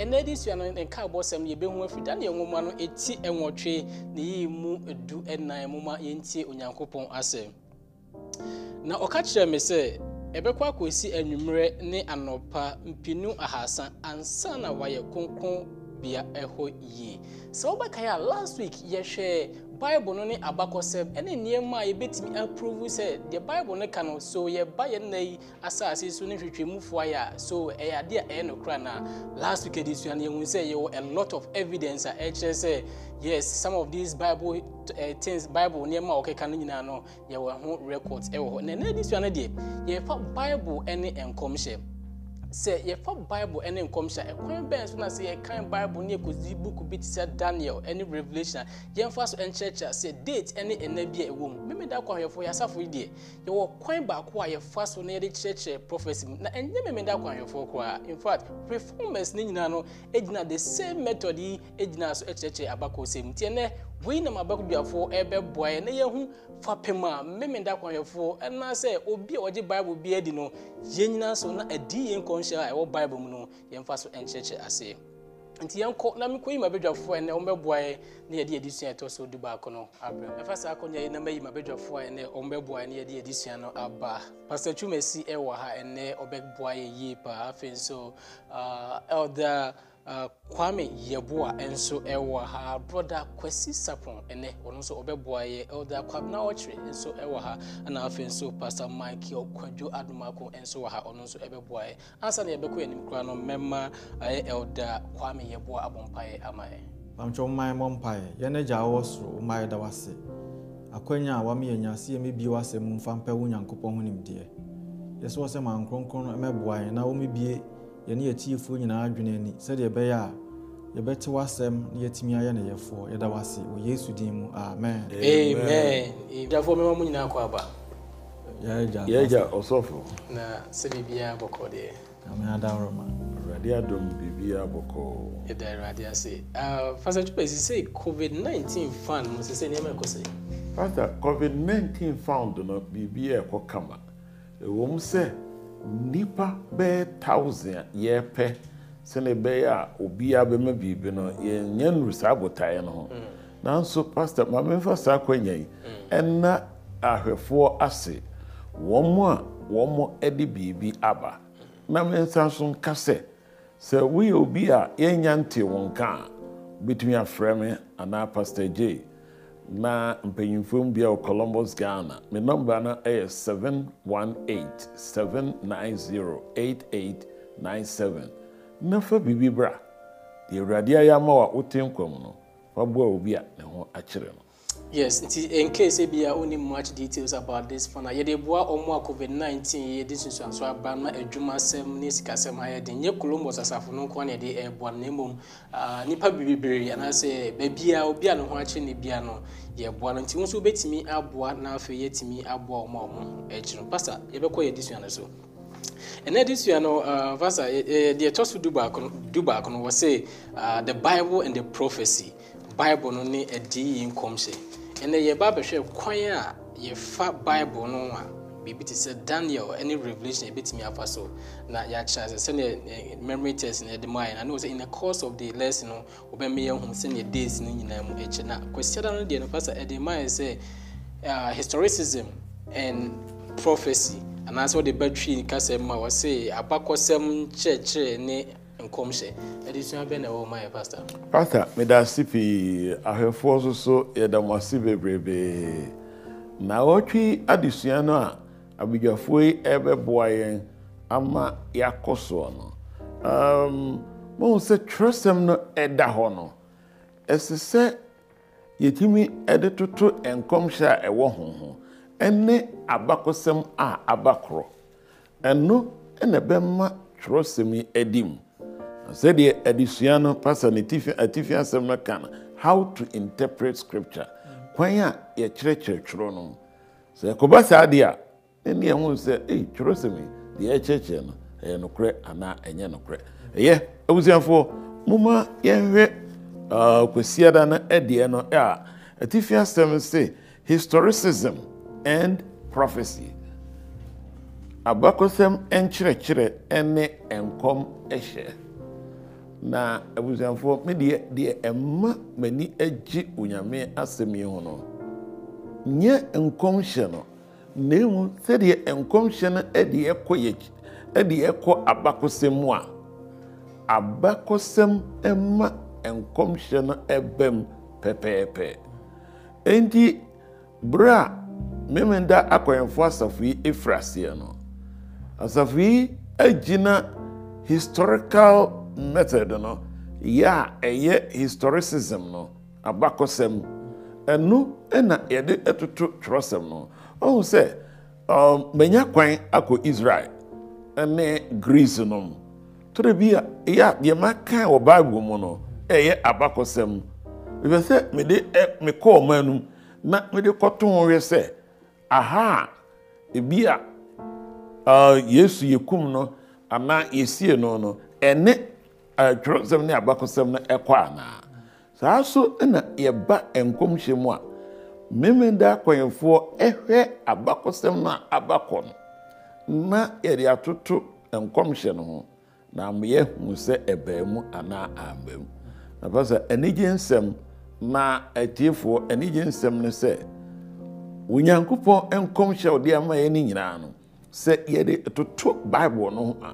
ɛnna de sua no nka abɔ sɛm yɛbɛhu afiri daniel nwoma no eti ɛnwɔtwe na yie mu edu ɛnan nwoma ma yɛntie onyankopɔn asɛm na ɔka kyerɛ me sɛ ɛbɛkɔ akɔsi anwummerɛ ne anɔpa mpinu ahasa ansa na wayɛ kronkron bea ɛhɔ yie sɛ wobɛka yɛ a last week yɛhwɛ bible no ne abakɔsɛm ɛne nneɛma a yɛbɛtumi aprove sɛ deɛ bible no ka no so yɛba yɛ nna yi asase so ne hwehwɛmufoɔ ayɛ a so ɛyɛ adeɛ a ɛyɛ nokora na last week ɛde sua no yɛhu sɛ yɛwɔ a lot of evidence a ɛkyerɛ sɛ yes some of these bible uh, things bible nneɛma a wɔkeka no nyinaa no yɛwɔ ho records ɛwɔ hɔ na ɛnɛ de sua no deɛ yɛfa bible ne nkɔmhyɛ sɛ yɛfa bible ne nkɔmhyɛ ɛkwan bɛn so na sɛ yɛkan bible ne yɛkɔdi book bi te sɛ daniel ne revelation a yɛmfa so nkyerɛkyerɛ sɛ date ne ɛna bi a ɛwɔ mu memeda kɔ ahwɛfoɔ yɛasafo yi deɛ yɛwɔ kwan baako a yɛfa so na yɛde kyerɛkyerɛ prophecy mu na ɛnyɛ memeda kɔ ahwɛfoɔ koraa in fact reformers ne nyinaa no gyina the same method yi gyina so kyerɛkyerɛ abakɔsɛm nti ɛnɛ wei nam abɛkoduafoɔ ɛbɛboa yɛ na yɛhu fapem a mmemenda akwanhwɛfoɔ ɛnaasɛ obi a ɔgye bible bi adi no yɛn nyinaa so na adi yɛn nkɔnhyɛ a ɛwɔ bible mu no yɛmfa so ɛnkyerɛkyerɛ aseɛ nti yɛnkɔ na mekɔyi mabadwafoɔ ɛnɛ ɔmbɛboa yɛ na yɛde yɛde sua ɛtɔ so du baako no abrɛ ɛfa saa akɔnya yi na mayi mabadwafoɔ ɛnɛ ɔmbɛboa yɛ na yɛde yɛde sua no aba pastor twumasi ɛwɔ ha ɛnɛ ɔbɛboa yɛ yie paa afei nso uh, elder Ah, Kwame Yeboa nso ɛwɔ ha broda Kwesi Sapon ɛnɛ ɔno nso ɔbɛboa yɛ elder Kwabena Ɔkyerɛ nso ɛwɔ ha ɛna afei nso pastor Mike kwadwo Adomako nso wɔ ha ɔno nso ɛbɛboa yɛ ansa na yɛbɛkɔ anim koraa no mɛma ɛyɛ Kwame Yeboa abɔ ama yɛ. Bamtwe ɔman mmɔ mpaeɛ yɛn agya awɔ soro ɔman da wase akwanya a wame yɛn ase yɛ mebie wase mfa na yɛne yɛtiefoɔ nyinaa adwene ani sɛdeɛ ɛbɛyɛ a yɛbɛte w'asɛm na yɛatumi ayɛ ne yɛfoɔ yɛda w'ase wɔ yesu din mu amen amen gyafoɔ mɛma mu nyinaa kɔ aba yɛagya ɔsɔfo na sɛ biribiaa bɔkɔ deɛ ame adawroma awurade adom biribiaa bɔkɔ yɛda awurade ase fasa twopɛ ɛsi sɛ covid-19 fund mu sɛ sɛ nneɛma ɛkɔ sɛ covid-19 fund no biribiaa ɛkɔ kama ɛwɔ mu sɛ nnipa bɛyɛ thousand yɛrepɛ sɛne ɛbɛyɛ a obiaa bɛma biribi no yɛnyɛ nuru saa abotaeɛ no ho mm. nanso pasto ma nfa saa kwanya yi mm. ɛna ahwɛfoɔ ase wɔn a wɔn mo de biribi aba na nsa so nka sɛ sɛ woyɛ obi a yɛnya nte wo nka a wobɛtumi afrɛ me anaa pasto gyee na mpanyinfoɔ mu bi a columbus ghana me nɔmba no yɛ seven one eight seven zero eight eight nine seven na fa biribi bra deɛ awurade ayɛ ama wo a wote nkwa mu no fa boa obi a ne ho akyerɛ no yes nti in case ebi a only much details about this fund a yɛde boa ɔmo a covid nineteen yɛde sunsuanso aba na adwuma sɛm ne sikasɛm ayɛ de nye columbus asafo no nko na yɛde ɛboa eh, na mmom ah, nipa bebree anaasɛ baabi a obi a ne ho akyi ne bia no yɛboa no nti wɔn nso bɛtumi aboa na afei yɛtumi aboa ɔmo a ɔmo akyiri no pastor yɛbɛkɔ yɛde sua no so ɛnɛ de sua no vasa deɛ ɛtɔ so du baako no wɔ sɛ the bible and the prophesy bible no ne adi yi nkɔm hyɛ ɛnɛ yɛba abɛhwɛ kwan a yɛfa bible no a biribi te sɛ daniel ne revelation yɛbɛtumi afa so na yɛakyerɛ sɛ sɛneɛ memory test no yɛde maayɛ no ne wɔ sɛ in the course of the lesson no wɔbɛma yɛhu sɛneɛ days no nyinaa mu akyi na kwasiada no deɛ nofa sɛ ɛde maayɛ sɛ uh, historicism and prophecy anaasɛ wɔde batwi kasɛm mu a wɔse abakɔsɛm nkyerɛkyerɛ ne nkɔmhyɛ adesua bɛ na ɛwɔ ma yɛ pastor pastor meda ase pii ahwɛfoɔ so so yɛda mo ase bebrebee na wɔtwe adesua no a abadwafoɔ yi ɛbɛboa yɛn ama yɛakɔ soɔ no um, mahu sɛ twerɛsɛm no ɛda hɔ no ɛsɛ sɛ yɛtumi ɛde toto nkɔmhyɛ a ɛwɔ ho ho ɛne abakɔsɛm a abakorɔ ɛno ɛna ɛbɛma twerɛsɛm yi adi mu sɛdeɛ adesua no pastor ne atifi eh, asɛm no ka no how to interpret scripture kwan a yɛkyerɛkyerɛ twerɛ no sɛ kɔba saa deɛ a ne ɛho sɛ ei twerɛ sɛm yi deɛ ɛkyerɛkyerɛ no ɛyɛ nokorɛ anaa ɛnyɛ nokorɛ ɛyɛ abusuafoɔ moma yɛnhwɛ ah, kwasiada no ɛdeɛ no a atifi asɛm se historicism and prophecy abakɔsɛm nkyerɛkyerɛ ne nkɔm ɛhyɛ na abusuafoɔ me deɛ deɛ ɛma m'ani agye onyame asɛm yi ho no nyɛ nkɔmhyɛ no na emu sɛdeɛ nkɔmhyɛ no ɛde ɛkɔ yɛ ɛde ɛkɔ abakɔsɛm mu a abakɔsɛm ma nkɔmhyɛ no ɛbɛm pɛpɛɛpɛ enti bere a mmemmenda akɔyɛnfoɔ asafo yi efiri aseɛ no asafo yi agyina historical method no yɛ a ɛyɛ historicism no abakɔsɛm ɛno na yɛde toto twerɛsɛm no ɔhu sɛ um, manya kwan akɔ israel ne greece nom tore bi a ya a deɛ maka wɔ bible mu no ɛyɛ abakɔsɛm mepɛ sɛ mede e, mekɔɔ ma anum na mede kɔto ho hwɛ sɛ aha ebi a yesu yɛkum no anaa yɛsie no no ɛne twerɛsɛm ne abakɔsɛm no ɛkɔ anaa saa so na yɛba nkɔmhyɛ a memeda akɔnyɛfoɔ ɛhwɛ abakɔsɛm no a abakɔ no na yɛde atoto nkɔmhyɛ no ho na amoyɛhu sɛ ɛbaa mu anaa amba mu nafa sɛ anigye nsɛm na atiefoɔ anigye nsɛm no sɛ onyankopɔn nkɔmhyɛ wo de ama yɛ no nyinaa no sɛ yɛde toto bible no ho a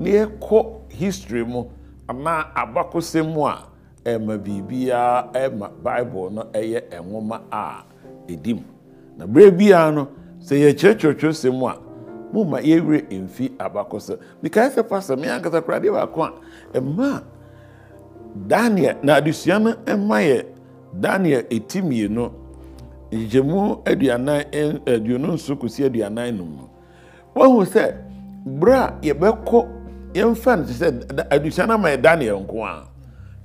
na yɛkɔ history mu anaa abakɔsɛm a ɛma biribiara ɛma bible no ɛyɛ nwoma a ɛdi mu na berɛ biara no sɛ yɛkyerɛkyerɛkyerɛsɛm a moma yɛwerɛ mfi abakɔsɛm mekae sɛ pasɛ me ankasa koradeɛ baako a ɛma daniel na adesua no ɛma yɛ daniel ɛtimiye no nkyɛmu aduanan aduonu nso kɔsi aduanan no mu wahu sɛ berɛ a yɛbɛkɔ yɛmfa no te sɛ adusua no daniel nko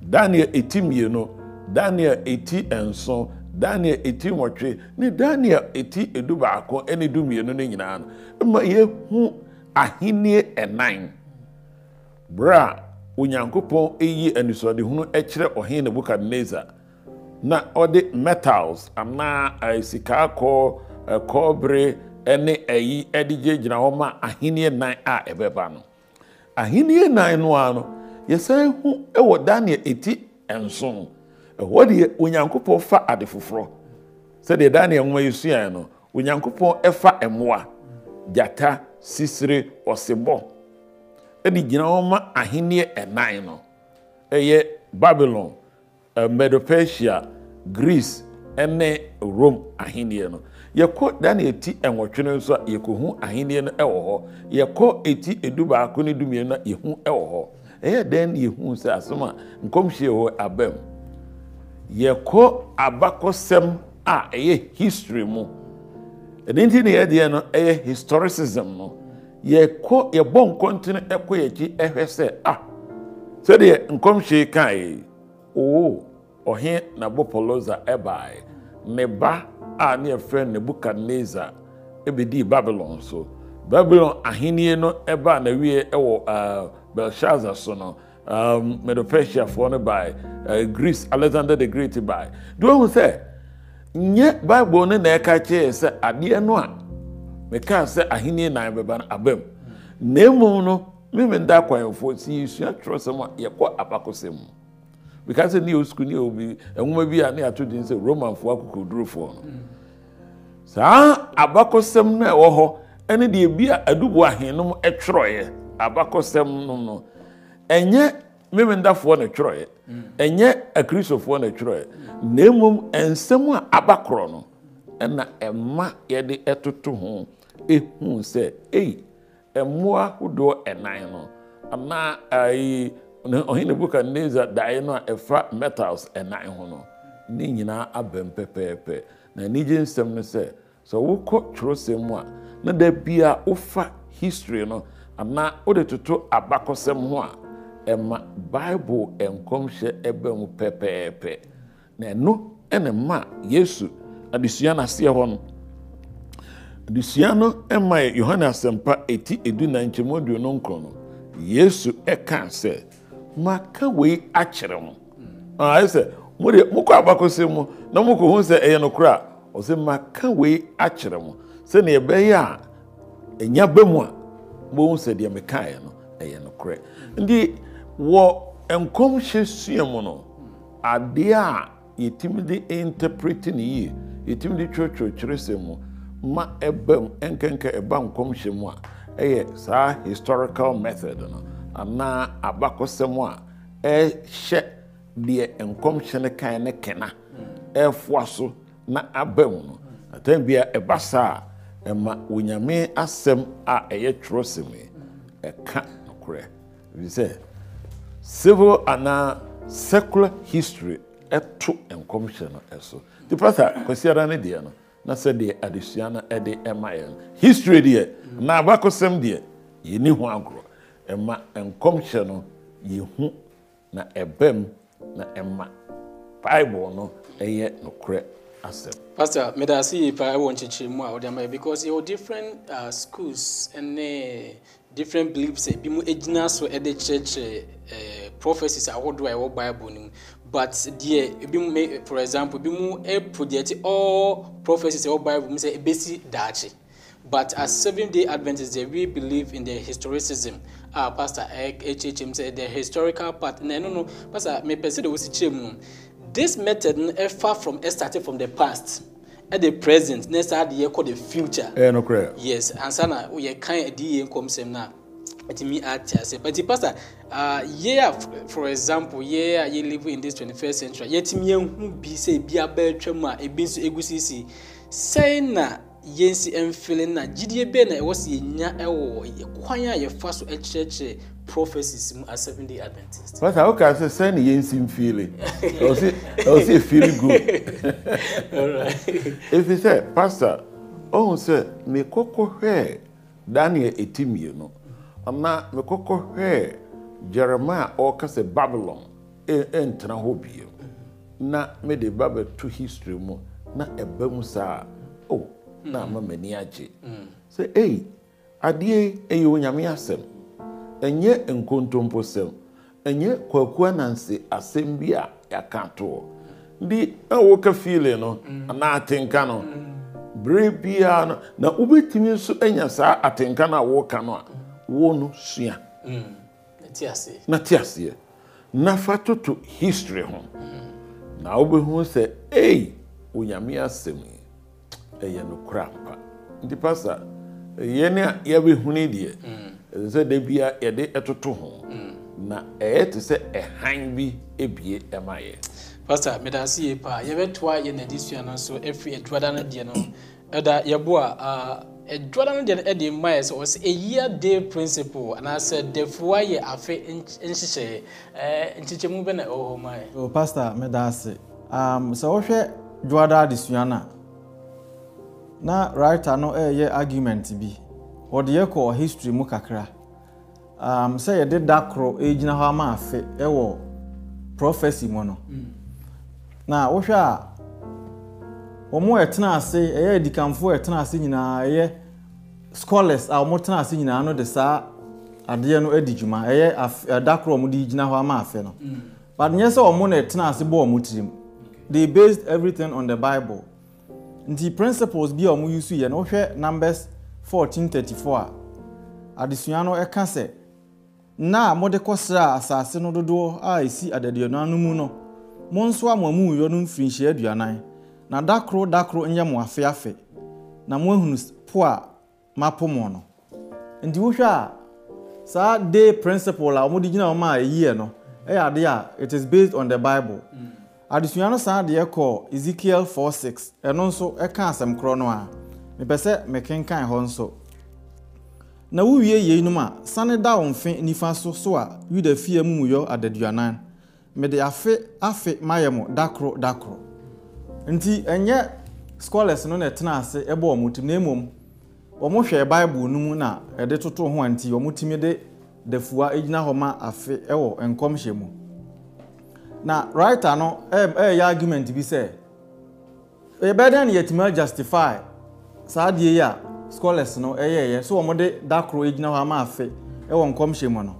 daniel eti mienu daniel eti enso daniel eti nwɔtwe ne daniel eti edu baako ene du mienu ne nyinaa no ma yɛhu ahenni ɛnan berɛ a onyankopɔn ɛyi anisɔdehunu ɛkyerɛ ɔhen nebukadnezar na ɔde metals anaa eh, sika akɔɔ eh, kɔbere ɛne ɛyi de gyinagyina hɔ ma ahenni nan a ɛbɛba no ahenni nan no ara no yɛsan hu wɔ daniel eti nson ɛhɔ deɛ onyankopɔn fa ade foforɔ sɛdeɛ daniel nwoma yi suaeɛ no onyankopɔn ɛfa mmoa gyata sisire ɔsebɔ ɛde gyina hɔ ma ahenneɛ nan no ɛyɛ babylon eh, medo persia greece ɛne rome ahenneɛ no yɛkɔ da na eti ɛnwɔtwe no nso a yɛkɔhu ahenneɛ no ɛwɔ hɔ yɛkɔ eti edu baako ne du mmienu na yɛhu ɛwɔ hɔ ɛyɛ dan na yɛhu sɛ asom a nkɔmhyia wɔ abam yɛkɔ abakɔsɛm a ɛyɛ history mu ɛne nti na yɛdeɛ no ɛyɛ historicism no yɛkɔ yɛbɔ nkɔntene ɛkɔ yɛkyi ɛhwɛ sɛ a ah, sɛdeɛ nkɔmhyia kaeɛ oo ɔhe na bopoloza ɛbaeɛ ne ba a ne yɛfrɛ nebukadnezar bɛdii babylon so babylon ahenni no ɛbaa nawie ɛwɔ belshazzar so no um, medopersiafoɔ no bae greece alexander the great bae de wohu sɛ nyɛ bible no na ɛka kyerɛɛ sɛ adeɛ no a mekaa sɛ ahenni nan bɛba no aba mu na mmom no memenda akwanfoɔ sɛ yɛsua twerɛsɛm a yɛkɔ abakɔsɛm mu because ne yɛ sukuu ne yɛ obi nwoma bi a ne yɛ ato din sɛ romanfoɔ akokodurofoɔ no saa abakɔsɛm no a ɛwɔ hɔ ɛne deɛ bi a adubu ahenom ɛtwerɛeɛ abakɔsɛm no no ɛnyɛ memendafoɔ na twerɛeɛ ɛnyɛ akristofoɔ e na twerɛeɛ na mmom nsɛm a abakorɔ no ɛna ɛma yɛde ɛtoto ho ehu sɛ ei mmoa e ahodoɔ ɛnan e no anaa ayi. ɔhene nebukadnezar daeɛ no a ɛfa metals ɛnan ho no ne nyinaa abɛm pɛpɛɛpɛ na anigye nsɛm no sɛ sɛ wokɔ twerɛsɛm mu a na da bia wofa history no anaa wode toto abakɔsɛm ho a ɛma bible nkɔmhyɛ ɛbɛ mu pɛpɛɛpɛ na ɛno ɛne ma yesu adesua no aseɛ hɔ no adesua no ɛma yɛ yohane asɛmpa ɛti ɛdu nankyɛmu aduonu nkron no yesu ɛkaa sɛ maka wei akyerɛ mo ah, ayɛ sɛ mode mokɔ abakɔsɛm mu na mokɔhu sɛ ɛyɛ nokorɛ a ɔsɛ maka wei akyerɛ mo sɛneɛ ɛbɛyɛ a ɛnya ba mu a mohu sɛ deɛ mekaeɛ no ɛyɛ nokorɛ nti wɔ nkɔmhyɛ sua mu no adeɛ a yɛtumi de interprete no yie yɛtumi de twerɛtwerɛkyerɛsɛm mu ma ɛba mu ɛnkenka ɛba nkɔmhyɛ mu a ɛyɛ saa historical method no anaa abakɔsɛm a ɛhyɛ deɛ nkɔmhyɛ no kan ne kena ɛɛfoa so na aba mu no atan bia ɛba saa a ɛma onyame asɛm a ɛyɛ twerɛsɛm yi ɛka nokorɛ ɛfiri sɛ civil anaa secular history ɛto nkɔmhyɛ no ɛso nti pasa kwasiara ne deɛ no na sɛdeɛ adesua no ɛde ɛma yɛ no history deɛ na abakɔsɛm deɛ yɛni ho agorɔ ɛma nkɔmhyɛ no yɛhu na ɛbɛ mu na ɛma bible no ɛyɛ nokorɛ asɛm pastor meda ase yie paa ɛwɔ nkyekyere mu a wɔde ama yɛ because yɛwɔ different uh, schools ne different beliefs ebi mu gyina so de kyerɛkyerɛ uh, prophecies ahodoɔ a ɛwɔ bible no mu but deɛ ebi mu for example ebi mu project all prophecies ɛwɔ bible mu sɛ ebesi daakye but as seven day adventist there we believe in the historicism a pastor ɛkyekyem sɛ the historical part na ɛno no pastor mepɛ sɛ de wosi kyerɛ mu no this method no far from ɛstarting from the past at the present na saa de yɛkɔ the future. ɛyɛ no korɛ. yes ansa na yɛ kan adi yɛ nkɔm sɛm na ɛtumi ate ase but pastor Ah, yɛ a for example yɛ a yɛ live in this twenty first century yɛtumi yɛn ho bi sɛ ebi abɛɛtwa mu a ebi nso egu sisi sɛn na yɛn si mfili na gyidie bɛn na ɛwɔ sɛ yɛnya ɛwɔ kwan a yɛfa so kyerɛkyerɛ prophecies mu as seven day adventist. pata oh, o ka sɛ sɛni yɛn si mfili ɔsi ɔsi efili gu efi sɛ pastor ɔhun sɛ ne kɔkɔ hwɛ daniel eti mmienu ana ne kɔkɔ hwɛ jeremiah ɔkasa babylon ɛntena e, e, hɔ bio na me de ba to history mu na ɛbɛn mu saa o. Oh, na ama m'ani agye mm. sɛ ei adeɛ ɛyɛ onyame asɛm ɛnyɛ nkontompo sɛm ɛnyɛ kwakua nanse asɛm bi a yɛaka toɔ nti ɛwoka fiile no anaa mm. atenka no mm. berɛ biara no na wobɛtumi nso anya saa atenka no a woka no a wo no sua na te aseɛ na fa toto history ho na wobɛhu sɛ ei onyame asɛm yi ɛyɛ nokora pa nti pasa yɛn a yɛbɛhuni deɛ mm. ɛsɛ sɛ da bia yɛde ɛtoto ho mm. na ɛyɛ te sɛ ɛhan bi ebie ɛma yɛ. pasa meda ase yie paa yɛbɛtoa yɛ n'adi sua no nso afiri aduada no deɛ no ɛda yɛbo a aduada no deɛ no ɛde mma yɛ sɛ ɔsɛ ɛyia day principle anaasɛ dafuwa yɛ afe nhyehyɛ nkyekyɛmu bɛ na ɛwɔ hɔ ma yɛ. Oh, pasta meda um, sɛ wohwɛ duada adesua no a na writer no ɛreyɛ eh, argument bi wɔde kɔ history mu kakra um, sɛ yɛde da koro gyina hɔ ama afe ɛwɔ prophecy mu no mm. na wohwɛ a wɔn a ɛtena ase ɛyɛ adikanfoɔ ɛtena ase nyinaa ɛyɛ scholars a wɔn tena ase nyinaa no de saa adeɛ no adi dwuma ɛyɛ ɛda eh, koro wɔn de gyina hɔ ama afe no mm. but nyɛ sɛ wɔn na ɛtena ase bɔ wɔn tirim they based everything on the bible. nti principles bi a wɔn use yɛ no wohwɛ numbers fourteen thirty four a adesua no ka sɛ na a mode kɔsra asase no dodoɔ a ɛsi adaduanan no mu no mo nso a mo amu yɔ no mfirinhyia aduanan na dakoro dakoro nyɛ mo afe afe na mo ahunu po a mapo mo no nti wohwɛ a saa day principle a wɔde gyina wɔn a ɛyie no ɛyɛ adeɛ a it is based on the bible. Mm adesua no saa deɛ kɔ ezekiel 46 ɛno nso ɛka asɛm korɔ no a mepɛ sɛ mekenkan hɔ nso na wowie yeinom a sane da wo mfe nifa so so a yuda fie amumuyɔ adaduanan mede afe afe mayɛ mo dakoro dakoro nti ɛnyɛ scholars no na ɛtena ase ɛbɔ wɔn tim na mmom wɔn hwɛ bible no mu na ɛde toto ho a nti wɔn tumi de dafua egyina hɔ ma afe ɛwɔ nkɔmhyɛ mu. na writer no ɛyɛ eh, eh, argument bi sɛ eh, yɛbɛdɛn no yɛtumi justify saa adeɛ yi a scholars no ɛyɛɛyɛ so wɔn de dakoro gyina hɔ ama afe ɛwɔ nkɔmhyɛ mu no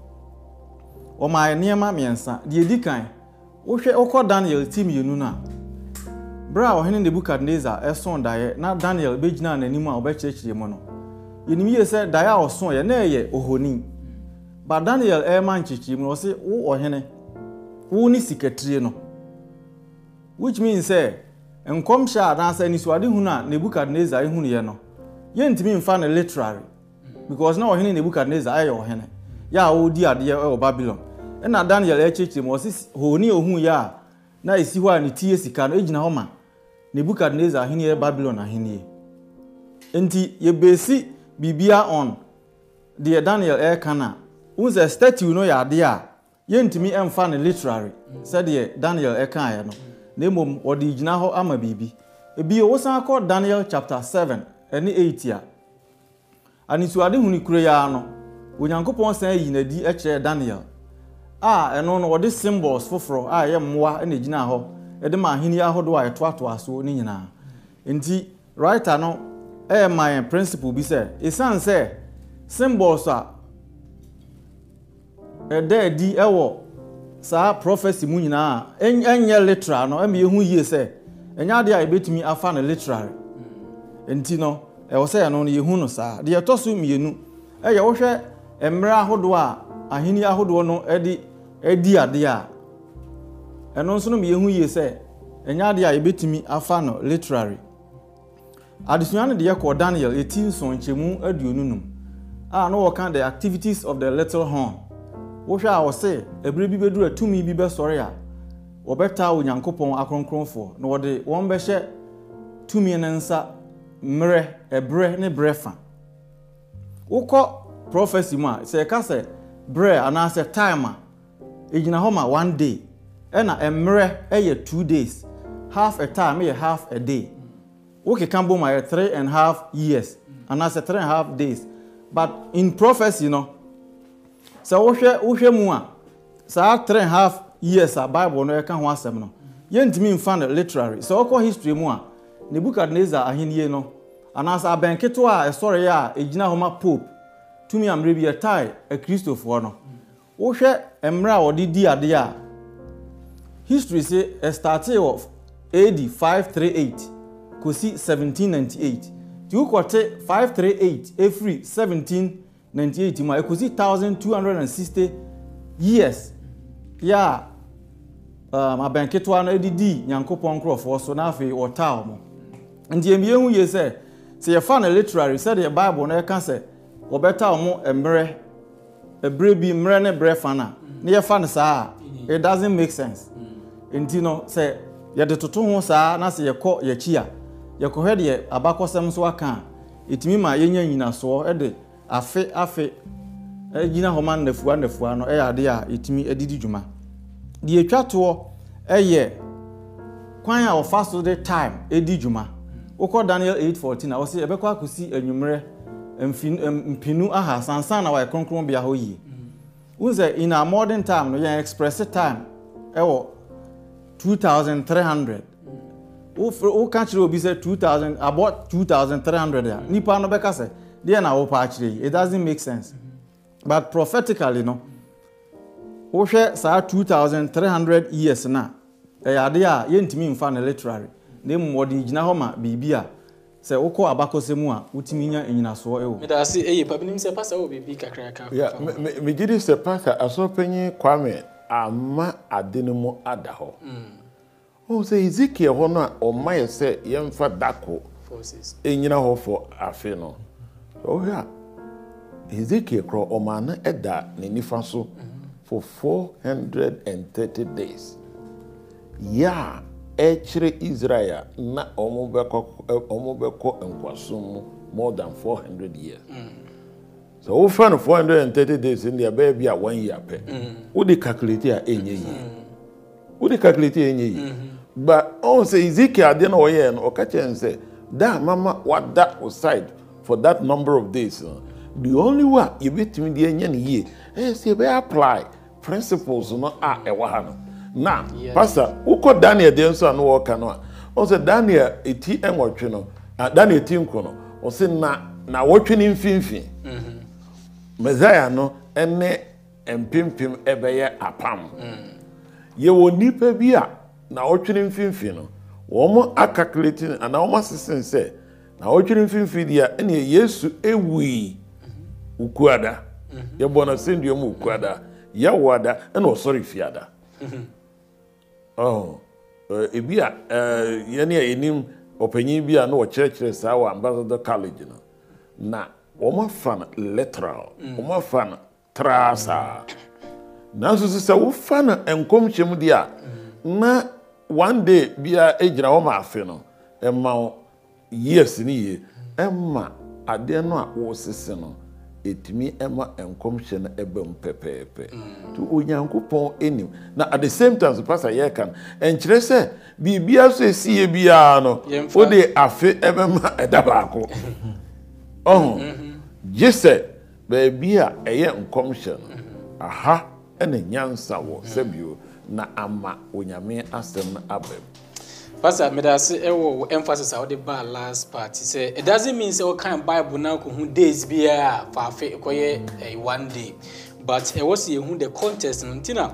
nneɛma mmiɛnsa deɛ di kan daniel ti mmienu no a a ɔhene daeɛ na daniel bɛgyinaa n'anim a ɔbɛkyerɛkyerɛ mu no yɛnim yie sɛ daeɛ a na ɛyɛ ohoni ba daniel ɛrema ya mu na wo wo ne sikatire no which means sɛ eh, nkɔmhyɛ anaasɛ anisoadehunu a nebukadnezar ehunuiɛ no yɛntumi mfa no literary because na ɔhene nebukadnezar ɛyɛ ɔhene yɛ a wɔredi adeɛ wɔ babylon ɛna daniel akyirikyiri mu ɔsi honi ohun yɛ a na esi hɔ a ne tie sika no egyina hɔ ma nebukadnezar ahene yɛ babylon ahene nti yɛbɛsi biribia on deɛ daniel ɛreka na wɔn sɛ statue no yɛ adeɛ a. yɛntumi mfa no literary mm. sɛdeɛ daniel ɛkaeɛ no na mmom wɔde gyina hɔ ama biribi ebio wosan kɔ daniel chapter seven, ɛne 8 a anisoade huni kure yaa no onyankopɔn san yi n'adi kyerɛɛ daniel a ɛno no wɔde symbols foforɔ a ɛyɛ mmoa na gyina hɔ ɛde ma ahenni ahodoɔ a ɛtoatoa soɔ ne nyinaa nti writer no ɛyɛ ma principle bi sɛ ɛsiane sɛ symbols a ɛda adi ewo saa prophecy mu nyinaa a ɛnyɛ no ɛma yɛhu yie sɛ ɛnyɛ adeɛ a yɛbɛtumi afa no literal nti no ɛwɔ sɛ ɛno no no saa deɛ ɛtɔ so mmienu ɛyɛ wohwɛ mmerɛ ahodoɔ a ahene ahodoɔ no ɛde adi a ɛno nso no mmienu yie sɛ ɛnyɛ adeɛ a yɛbɛtumi afa no literary adesua no daniel eti nsonkyɛmu aduonu num a wɔka the activities of the little horn wohwɛ a ɔse ɛberɛ bi bɛduru a tumi bi bɛsɔre a wɔbɛtaa onyankopɔn akronkronfoɔ na wɔde wɔn bɛhyɛ tumi no nsa mmerɛ ɛberɛ ne berɛ fa wokɔ prophecy mu a sɛ ɛka sɛ berɛ anaasɛ time a ɛgyina hɔ ma one day ɛna mmerɛ ɛyɛ two days half a time yɛ half a day wokeka bom a yɛ three and half years anaasɛ three and half days but in prophecy you no know, sɛ wohwɛ wohwɛ mu a saa three and half years a bible no ɛka ho asɛm no yɛntumi nfa no literary sɛ wɔkɔ history mu a nebukadnezar ahennie no anaasɛ abɛn ketewa a ɛsɔre a ɛgyina hɔ ma pope tumi amere bi ɛtae akristofoɔ no wohwɛ mmerɛ a wɔde di adeɛ a history sɛ ɛstartee wɔ AD 538 kɔsi 1798 nti wokɔte 538 ɛfiri 17 98 mu a ɛkɔsi 1260 years yɛ a um, abɛnketewa no de dii nyankopɔn nkurɔfoɔ so na afei wɔtaa wɔn nti ebi ehu yie sɛ sɛ yɛfa no literary sɛdeɛ bible no ɛka sɛ wɔbɛtaa wɔn mmerɛ ebire bi mmerɛ ne brɛ fa na ne yɛfa no saa it doesn't make sense nti no sɛ yɛde toto ho saa na sɛ yɛkɔ yɛkyi a yɛkɔhwɛ deɛ abakɔsɛm nso aka a ɛtumi ma yɛnya nyinasoɔ de. afe afe gyina hɔ ma nnafua nnafua no yɛ adeɛ a ɛtumi didi dwuma deɛ ɛtwa toɔ yɛ kwan a wɔfa so de time edi dwuma wokɔ daniel 8:14 a wɔsɛ yɛbɛkɔ akɔsi anwummerɛ mpinu aha sansan na wɔyɛ kronkron bea hɔ yie wohu sɛ in a modern time no yɛn express time wɔ 2300 woka kyerɛ obi sɛ 2000 abɔ 2300 a nipa no bɛka sɛ deɛ na wopɛ akyerɛ yi it doesn't make sense but prophetically no wohwɛ saa two 2300 years no a ɛyɛ eh, adeɛ a yɛntumi nfa no literary na mmom wɔde gyina hɔ ma biribi a sɛ wokɔ abakɔsɛ mu a wotumi nya anyinasoɔ eh, wɔ medase ɛyɛ eh, pa binim sɛ pasa wɔ biribi kakraka megye di sɛ pasa asɔpanyin kwame ama ade no mu ada hɔ ɔhu hmm. oh, sɛ ezekiel hɔ no a ɔma yɛ sɛ yɛmfa dako ɛnyina hɔ fɔ afe no ɔhwɛ a hesekiel korɔ ɔmaa ɛda ne nifa so for 430 days yɛ a ɛkyerɛ israel na ɔmo bɛkɔ nkwasom mu more than 400 years sɛ wofrɛ no 430 days ndeɛ ɛbɛyɛ bi a one year pɛ wode calculate a ɛnyɛ yie wode a ɛnyɛ yie but ɔn sɛ ezekiel adeɛ wada o for that number of days no the only way yɛbɛtumi deɛ nyɛ no yie ɛyɛ eh, sɛ be apply principles no a ɛwɔ ha no na pastor who wokɔ daniel deɛ so a no wɔɔka no a ɔn sɛ daniel eti nwɔtwe no daniel ti nko no ɔsɛ na na wɔtwe ne mfimfin mm-hmm. messiah no ɛne mpimpim ɛbɛyɛ apam yɛwɔ nipa bi a na wɔtwe ne mfimfin no wɔn akakuleti anaa wɔn asese nsɛ na ɔtwere mfimfini deɛ ɛnna yesu ewui ukuada mhm. yɛbɔ n'asɛnnua mu ukuada yɛwoada ɛnna ɔsɔre fiada mhm. ɔhɔ ebi a ɛɛ yɛn a yɛnim ɔpanyin bi a na ɔkyerɛkyerɛ saa wɔ ambassador college no na wɔn afa no literal mm. wɔn afa no traa saa nanso sɛ wofa no nkɔmhyɛm deɛ a mm. na one day bia egyina hɔ ma afe no ɛma wɔn. years no ye ɛma adeɛ no a wɔresese no ɛtumi ɛma nkɔmhyɛ no ba mu pɛpɛɛpɛ nti onyankopɔn anim na at the same time so pasa yɛreka no ɛnkyerɛ sɛ biribiaa so ɛsiiɛ biara no wode afe bɛma ɛda baako ɔho mm-hmm. gye sɛ baabi a ɛyɛ nkɔmhyɛ no aha ɛna nyansa wɔ sɛbio mm. na ama onyame asɛm no abam pastor medase ɛwɔ e wɔ emphasis a wɔde baa last part sɛ it doesn't mean sɛ wɔkan bible na nkɔhu days biara faafe ɛkɔyɛ ɛyɛ eh, one day but ɛwɔ sɛ yɛhu the contest. no nti na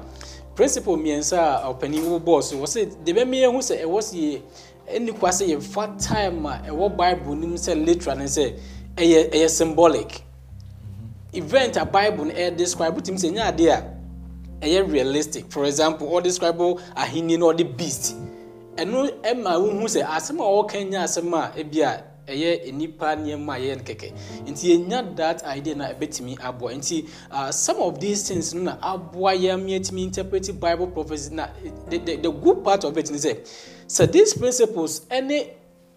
principle mmiɛnsa a ɔpanin wo bɔɔ so wɔ sɛ de bɛ mmea ho eh, sɛ ɛwɔ sɛ yɛ eh, nnikwa sɛ yɛfa time a ɛwɔ bible nim sɛ literal ne sɛ ɛyɛ ɛyɛ symbolic mm-hmm. event a bible no ɛyɛ describe wotumi sɛ nyɛ a ɛyɛ realistic for example ɔdescribe ahenni na ɔde beast. Mm -hmm ɛno ɛma wohu sɛ asɛm a wɔka nya asɛm a ebi a ɛyɛ nipa nneɛma a kɛkɛ nti yɛnya that idea na ɛbɛtumi aboa nti uh, some of these things no na aboa yɛn yɛtumi interpret bible prophecy na the, the the good part of it ni sɛ sɛ these principles ɛne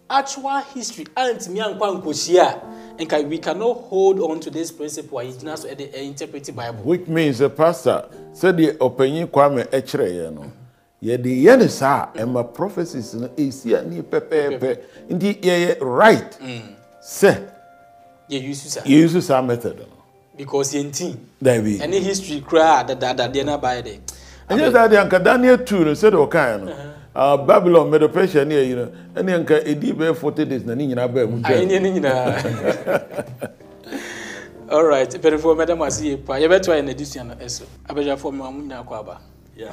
actual history antumi ankwa nkosia nka we cannot hold on to this principle a yɛgyina so ɛde ɛinterpret bible. which means uh, pastor sɛdeɛ ɔpanyin kwame ɛkyerɛ yɛn no. Mm -hmm yɛde yɛ ne saa ɛma prophecies no esi ani pɛpɛɛpɛ nti yɛyɛ right sɛ yɛyusu saa method no. because yɛn ti dabi ɛne history koraa dadaadadeɛ no abayɛ de. ɛnyɛ saa deɛ anka daniel two no sɛdeɛ ɔkaeɛ no. Uh, babylon medo persia ne ayi no ɛne nka ɛdi bɛyɛ forty days na ne nyinaa bɛɛ mu twɛne ne nyinaa alright mpanifoɔ mɛda mo ase yie pa yɛbɛtoa yɛ n'adesua no ɛso abɛgyafoɔ mma mo nyinaa kɔ aba yeah,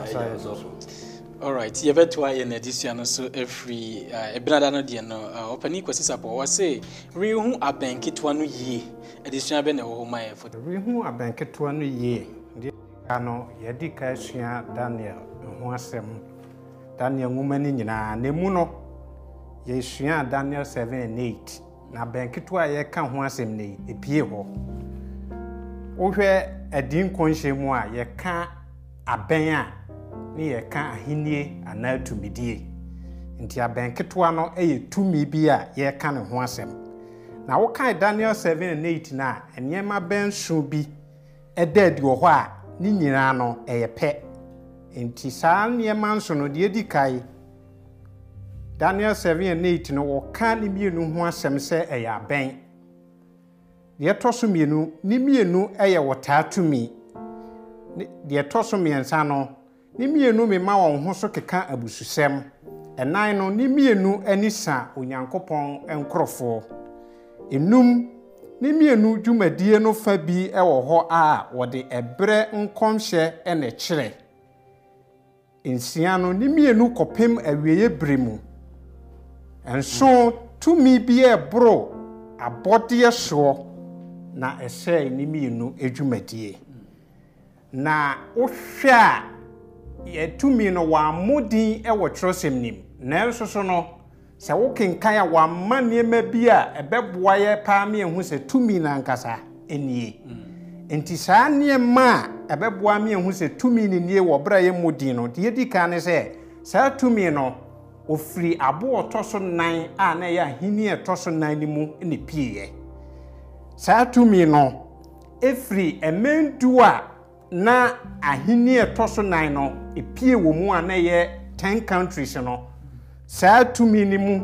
alright yɛbɛ to ayɛ na adesua no so afiri uh, ɛbenada no deɛ no uh, ɔpani kwasi sapɔ wɔse rehu abɛn ketewa no yie adesua bɛ na ɛwɔ hɔ ma yɛfo rehu abɛn ketewa no yie deɛ no yɛde ka asua daniel ho asɛm daniel nwoma no nyinaa na mu no yɛsua daniel 7 and 8 na abɛn ketewa a yɛka ho asɛm no yi ɛpie hɔ wohwɛ adi nkɔnhyɛ mu a yɛka abɛn a ne yɛka ahennie anaa tumidie nti abɛn ketewa no yɛ tumi bi a yɛreka ne ho asɛm na wokae daniel 7 and 8 no a nneɛma bɛnso bi ɛda adi wɔ hɔ a ne nyinaa no ɛyɛ pɛ nti saa nneɛma nso no deɛ di kae daniel 7 and 8 no wɔka ne mmienu ho asɛm sɛ ɛyɛ abɛn deɛ ɛtɔ so mmienu ne mmienu yɛ wɔtaa tumi deɛ ɛtɔ so mmiɛnsa no ne mmienu mema wɔn ho so keka abususɛm ɛnan no ne mmienu ani sa onyankopɔn nkurɔfoɔ enum ne mmienu dwumadie no fa bi wɔ hɔ a wɔde ɛbrɛ nkɔmhyɛ na ɛkyerɛ nsia no ne mmienu kɔpem awieeɛ bere mu nso tumi bi ɛboro abɔdeɛ soɔ na ɛsɛe ne mmienu dwumadie na wohwɛ a yɛtumi no wɔammo din wɔ twerɛsɛm nim nanso so no sɛ wokenkan a wɔamma nneɛma bi a ɛbɛboa yɛ paa me ɛhu sɛ tumi no ankasa nie nti saa nneɛma a ɛbɛboa me ɛhu sɛ tumi no nie wɔ berɛ a yɛmmɔ din no deɛ di ka ne sɛ saa tumi no ɔfiri aboɔ ɔtɔ so nan a na ɛyɛ ahenni ɛtɔ so nan no mu ne pieeɛ saa tumi no ɛfiri ɛmɛndu a na ahenni ɛtɔ so nan no epie wɔ mu a na ɛyɛ ten countries no saa tumi ni mu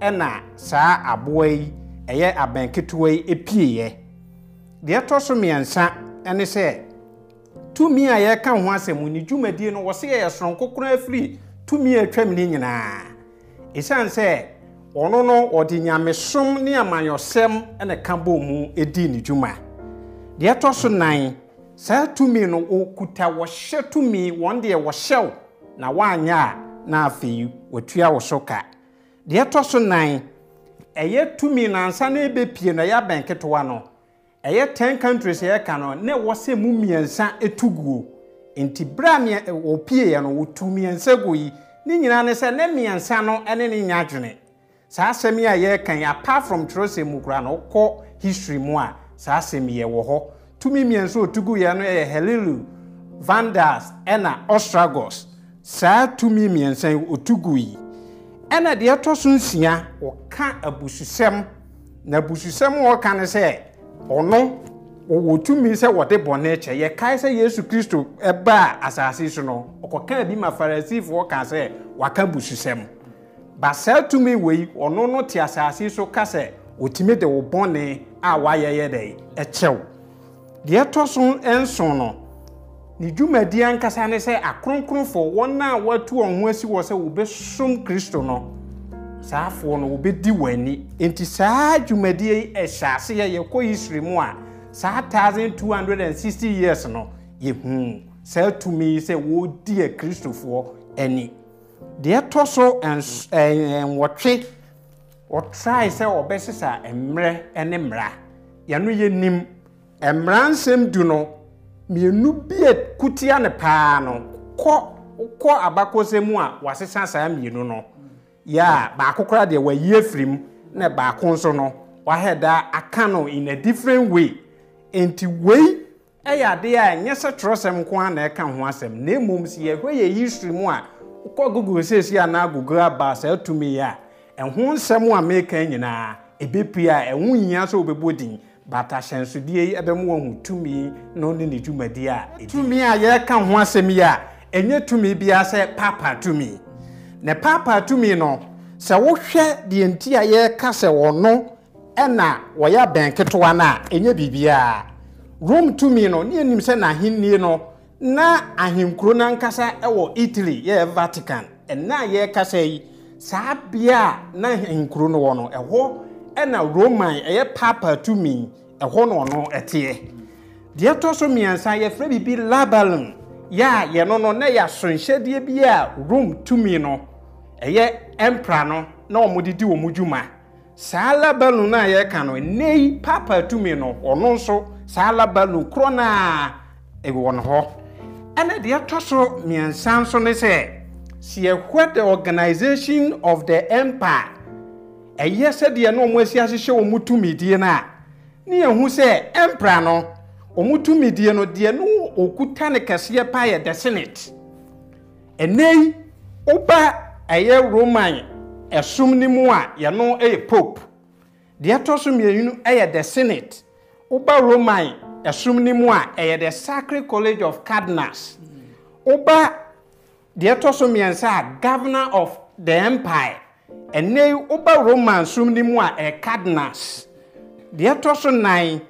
ɛna saa aboa yi ɛyɛ aban ketewa yi pieeɛ deɛ ɛtɔ so mmiɛnsa ɛne sɛ tumi a yɛreka ho asɛm ne dwumadie no wɔ se yɛyɛ soronko koraa firi tumi a atwam no nyinaa ɛsiane sɛ ɔno no ɔde nyamesom ne amanyɔsɛm ɛna ɛka bɔ mu di ne dwuma deɛ ɛtɔ so nan saa tumi no okuta wɔhyɛ tumi wɔn deɛ wɔhyɛ wo na woanyɛ a na afei watua wo so ka deɛ ɛtɔ so nan ɛyɛ tumi nansa na ɛbɛpie no ɛyɛ abɛnketewa no ɛyɛ 10 countries yɛka no na ɛwɔ sɛ mu mmiɛnsa ɛtu guo nti berɛ a wɔpieeɛ no wɔtu mmiɛnsa go yi ne nyinaa ne sɛ ne mmiɛnsa no ne ne nya adwene saa asɛm yi a yɛreka yi apart from twerɛsɛm mu koraa no wokɔ history mu a saa asɛm yɛwɔ hɔ tumi mmiɛnsa otuguiɛ no yɛ helilu vandas ɛna ostragos saa tumi mmiɛnsa yi otugui ɛna deɛ ɛtɔ so nsia ɔka abususɛm na abususɛm a ɔka no sɛ ɔno ɔwɔ tumi sɛ wɔde bɔne kyɛ yɛkae sɛ yesu kristo ɛbaa asase so no ɔkɔkaa bi ma farisifoɔ ka sɛ waka bususɛm ba saa tumi wei ɔno no te asase so ka sɛ ɔtumi de wo bɔne a wayɛyɛ dɛ ɛkyɛw deɛ ɛtɔ so nson no ne dwumadi ankasa ne sɛ akronkronfoɔ wɔn a wɔatu wɔn ho asi wɔ sɛ wɔbɛsom kristo no saa afoɔ no wɔbɛdi wɔn ani nti saa dwumadi yi ɛhyɛ ase yɛ yɛkɔ history mu a saa thousand two hundred and sixty years no yɛhuu saa tumi yi sɛ wɔredi yɛ kristofoɔ ani deɛ ɛtɔ so nwɔtwe wɔtrae sɛ ɔbɛsesa mmerɛ ne mmara yɛno yɛnim mmeranteɛ du no mmienu bi a kutia ne paa no kɔ kɔ abakɔsɛ mu a wɔasesa saa mmienu no yɛ a baako koraa deɛ wɔayi afiri mu na baako nso no wɔahɛ da aka no in a different way nti wei yɛ adeɛ a ɛnyɛ sɛ twerɛsɛm nko ara na ɛka ho asɛm na mmom sɛ yɛhwɛ yɛ history mu a wokɔ google seesi anaa google aba saa tumi yɛ a ɛho nsɛm a meka nyinaa ɛbɛpie a ɛho nyia sɛ wobɛbɔ din bata ahyɛnsodeɛ yi bɛma wɔhu tumi n'o ne ne dwumadie a tumi a yɛreka ho asɛm yi a ɛnyɛ tumi biara sɛ paapa tumi na paapa tumi no sɛ wohwɛ deɛ nti a yɛreka sɛ wɔno ɛna wɔyɛ abɛn ketewa no a ɛnyɛ biribiara rome tumi no ne yɛnim sɛ n'ahennie no na ahenkuro no ankasa wɔ italy yɛyɛ vatican ɛna a yɛreka sɛ yi saa bea a na ahenkuro no wɔ no ɛhɔ ɛna roman ɛyɛ papa to me? ɛhɔ na ɔno ɛteɛ deɛ ɛtɔ so mmiɛnsa yɛfrɛ biribi labalon yɛ a yɛno no na yɛ asonhyɛdeɛ bi a rome me, no ɛyɛ ɛmpra no na wɔde di wɔn dwuma saa labalon no a yɛka no nnei papa tumi no ɔno nso saa labalon korɔ no a ɛwɔ no hɔ ɛna deɛ ɛtɔ so mmiɛnsa nso ne sɛ si yɛhwɛ the organisation of the empire ɛyɛ sɛdeɛ na wɔn asi ahyehyɛ wɔn tumidie no a ne yɛhu sɛ ɛmpra no wɔn tumidie no deɛ no okuta ne kɛseɛ paa yɛ the senate ɛnɛ yi ɔba ɛyɛ roman ɛsum ne mu a yɛno yɛ pope deɛ ɛtɔ so mmienu yɛ the senate ɔba roman ɛsum ne mu a ɛyɛ the sacred college of cardinals ɔba deɛ ɛtɔ so mmiɛnsa a governor of the empire ɛnna yi woba roman sum no mu a ɛyɛ cardinals deɛ ɛtɔ so nan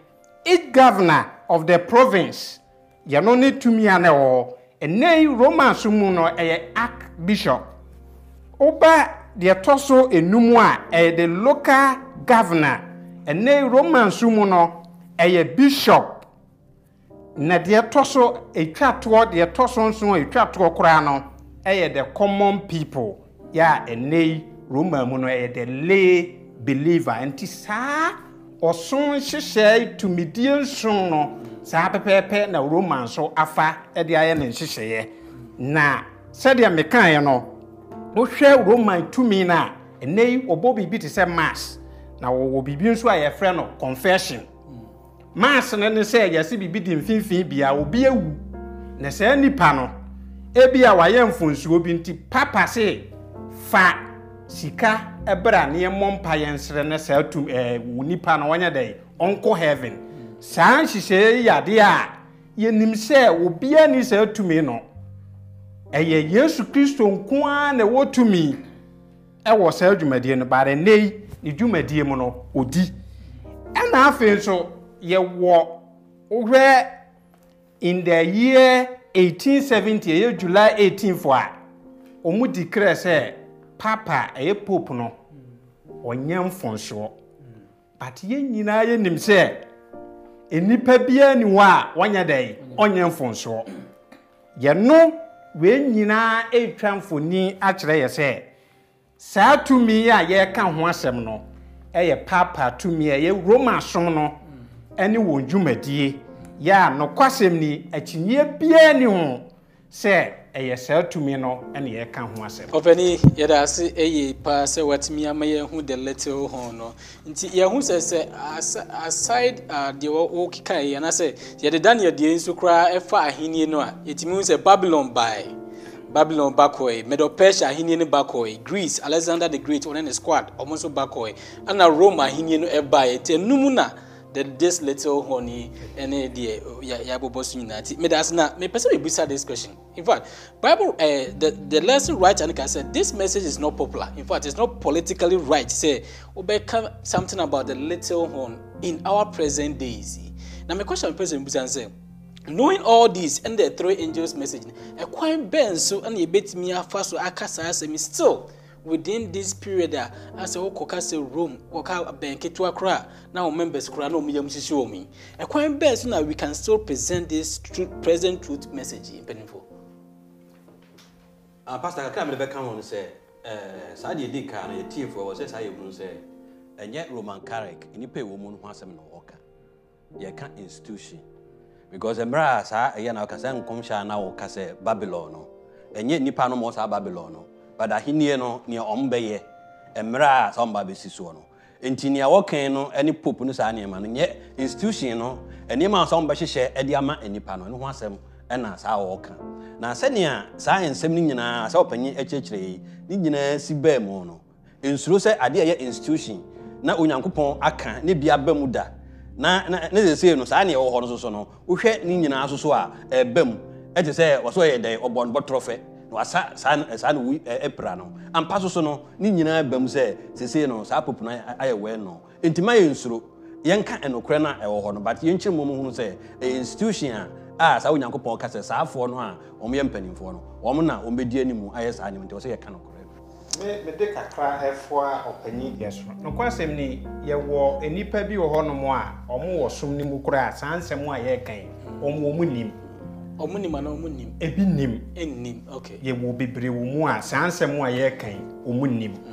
each governor of the province yɛno ne tumi a na ɛwɔ hɔ ɛnna roman sum mu no ɛyɛ archbishop woba deɛ ɛtɔ so enum a ɛyɛ the local governor ɛnna yi roman sum mu no ɛyɛ bishop na deɛ ɛtɔ so etwa toɔ deɛ ɛtɔ so nso a etwa toɔ koraa no ɛyɛ the common people yɛ a ɛnna yi roma mu no ɛyɛ the lay believer nti saa ɔson nhyehyɛe tumidie nson no saa pɛpɛɛpɛ na roma nso afa de ayɛ ne nhyehyɛeɛ na sɛdeɛ mekaeɛ no wohwɛ roman tumi no a ɛnɛ yi wɔbɔ biribi te sɛ mass na wɔwɔ biribi nso a yɛfrɛ no confession mass no ne sɛ yɛse biribi di mfimfini bia obi awu na saa nnipa no ebi a wayɛ mfonsuo bi nti papa se fa sika ɛbɛrɛ a nneɛma mpa yɛn srɛ ne sɛ atum ɛɛ eh, nipa no wɔnyɛ dɛ ɔnkɔ heaven saa nhyehyɛ yadeɛ a yɛnim sɛ obiara ni sɛ atumi no ɛyɛ yesu kristo nko ara na ɛwɔ tumi ɛwɔ saa dwumadie no baare ne yi ne dwumadie mu no odi ɛna afei nso yɛwɔ wohwɛ in the year 1870 ɛyɛ july 18 fo a wɔn di krɛ sɛ papa ɛyɛ pope no ɔnyɛ mfonsoɔ but yɛn nyinaa yɛnim sɛ nnipa biara ni hɔ a wɔnyɛ dɛ ɔnyɛ mfonsoɔ yɛno wei nyinaa ɛretwa mfoni akyerɛ yɛ sɛ saa tumi a yɛreka ho asɛm no ɛyɛ papa tumi a ɛyɛ roma som no ɛne wɔn dwumadie yɛ a nokwasɛm ni akyinnyɛ biara ni ho sɛ ɛyɛ saa tumi no ɛna yɛka ho asɛm. ɔpɛni yɛde ase ɛyɛ paa sɛ watumi ama yɛn de the little no nti yɛn ho sɛ sɛ aside deɛ wɔkeka yɛ anasɛ yɛde daniel deɛ nso koraa ɛfa ahenni no a yɛtumi ho sɛ babylon bae. Babylon bakɔe Medo Persia ahenni no bakɔe Greece Alexander the Great ɔne ne squad ɔmo nso bakoi ɛna Rome ahenni no ɛbaeɛ te num na. then this little honey ɛne deɛ yɛabobɔ so nyinaa nti meda na mepɛ sɛ mebisa this question in fact bible uh, the, the lesson writer no ka sɛ this message is not popular in fact it's not politically right sɛ wobɛka something about the little horn in our present days na me question mepɛ sɛ mebisa sɛ knowing all this and the three angels message ɛkwan eh, bɛn so ɛne yɛbɛtumi afa so aka saa asɛm still within this period a asɛ wokɔka sɛ rome wɔka bɛn ketewa koraa na wɔn members koraa na wɔn yam sisi wɔn yi ɛkwan bɛɛ so na we can still present this truth present truth message yi mpanimfo. Uh, pastor kakra mi de bɛka wɔn sɛ ɛɛ eh, saa deɛ di kan no yɛ tie fo ɛwɔ sɛ saa yɛ bunu sɛ ɛnyɛ roman catholic nipa ɛwɔ mu no ho asɛm na wɔka yɛka institution because mmerɛ a saa ɛyɛ na wɔka sɛ nkɔmhyɛ a na wɔka sɛ babylon no ɛnyɛ nipa no ma ɔsaa babylon no ɔde ahenni no nea ɔmbɛyɛ mmerɛ a sɛ ɔmba bɛsi soɔ no nti nea wɔkan no ne pop no saa nneɛma no nyɛ institution no nneɛma a sɛ ɔmbɛhyehyɛ de ama nnipa no ne ho asɛm ɛna saa wɔɔka na sɛnea saa nsɛm no nyinaa sɛ ɔpanyi akyirɛkyirɛyi ne nyinaa si baa mu no nsuro sɛ adeɛ ɛyɛ institution na onyankopɔn aka ne bi aba mu da ne sesee no saa neɛ ɛwɔ hɔ no soso no wohwɛ ne nyinaa soso a ɛba mu ɛte sɛ wɔ sɛ ɔyɛ dɛn wasa saa saa ne eh, ɛpira eh, no ampa soso no ne nyinaa bam sɛ sese no saa popo no ayɛ wɛn no ntima yɛ nsoro yɛnka ɛnokorɛ no a ɛwɔ hɔ no but yɛnkyerɛ mu mu hunu sɛ ɛyɛ institution a a saa onyankopɔn ka sɛ saa afoɔ no a wɔn yɛ mpanimfoɔ no wɔn na wɔn bɛdi anim ayɛ saa anim nti wɔsɛ yɛka nokorɛ. me me de kakra ɛfoa ɔpanyin deɛ so nokɔ asɛm ni yɛwɔ nnipa bi wɔ hɔnom a wɔn wɔ som no mu koraa saa nsɛm a yɛreka yi wɔn wɔn nim ɔmo nim anaa ɔmo nim. ebi nim. enim okay. yɛ wɔ bebree wɔ mu a saa nsɛm a yɛrekan ɔmo nim. Hmm.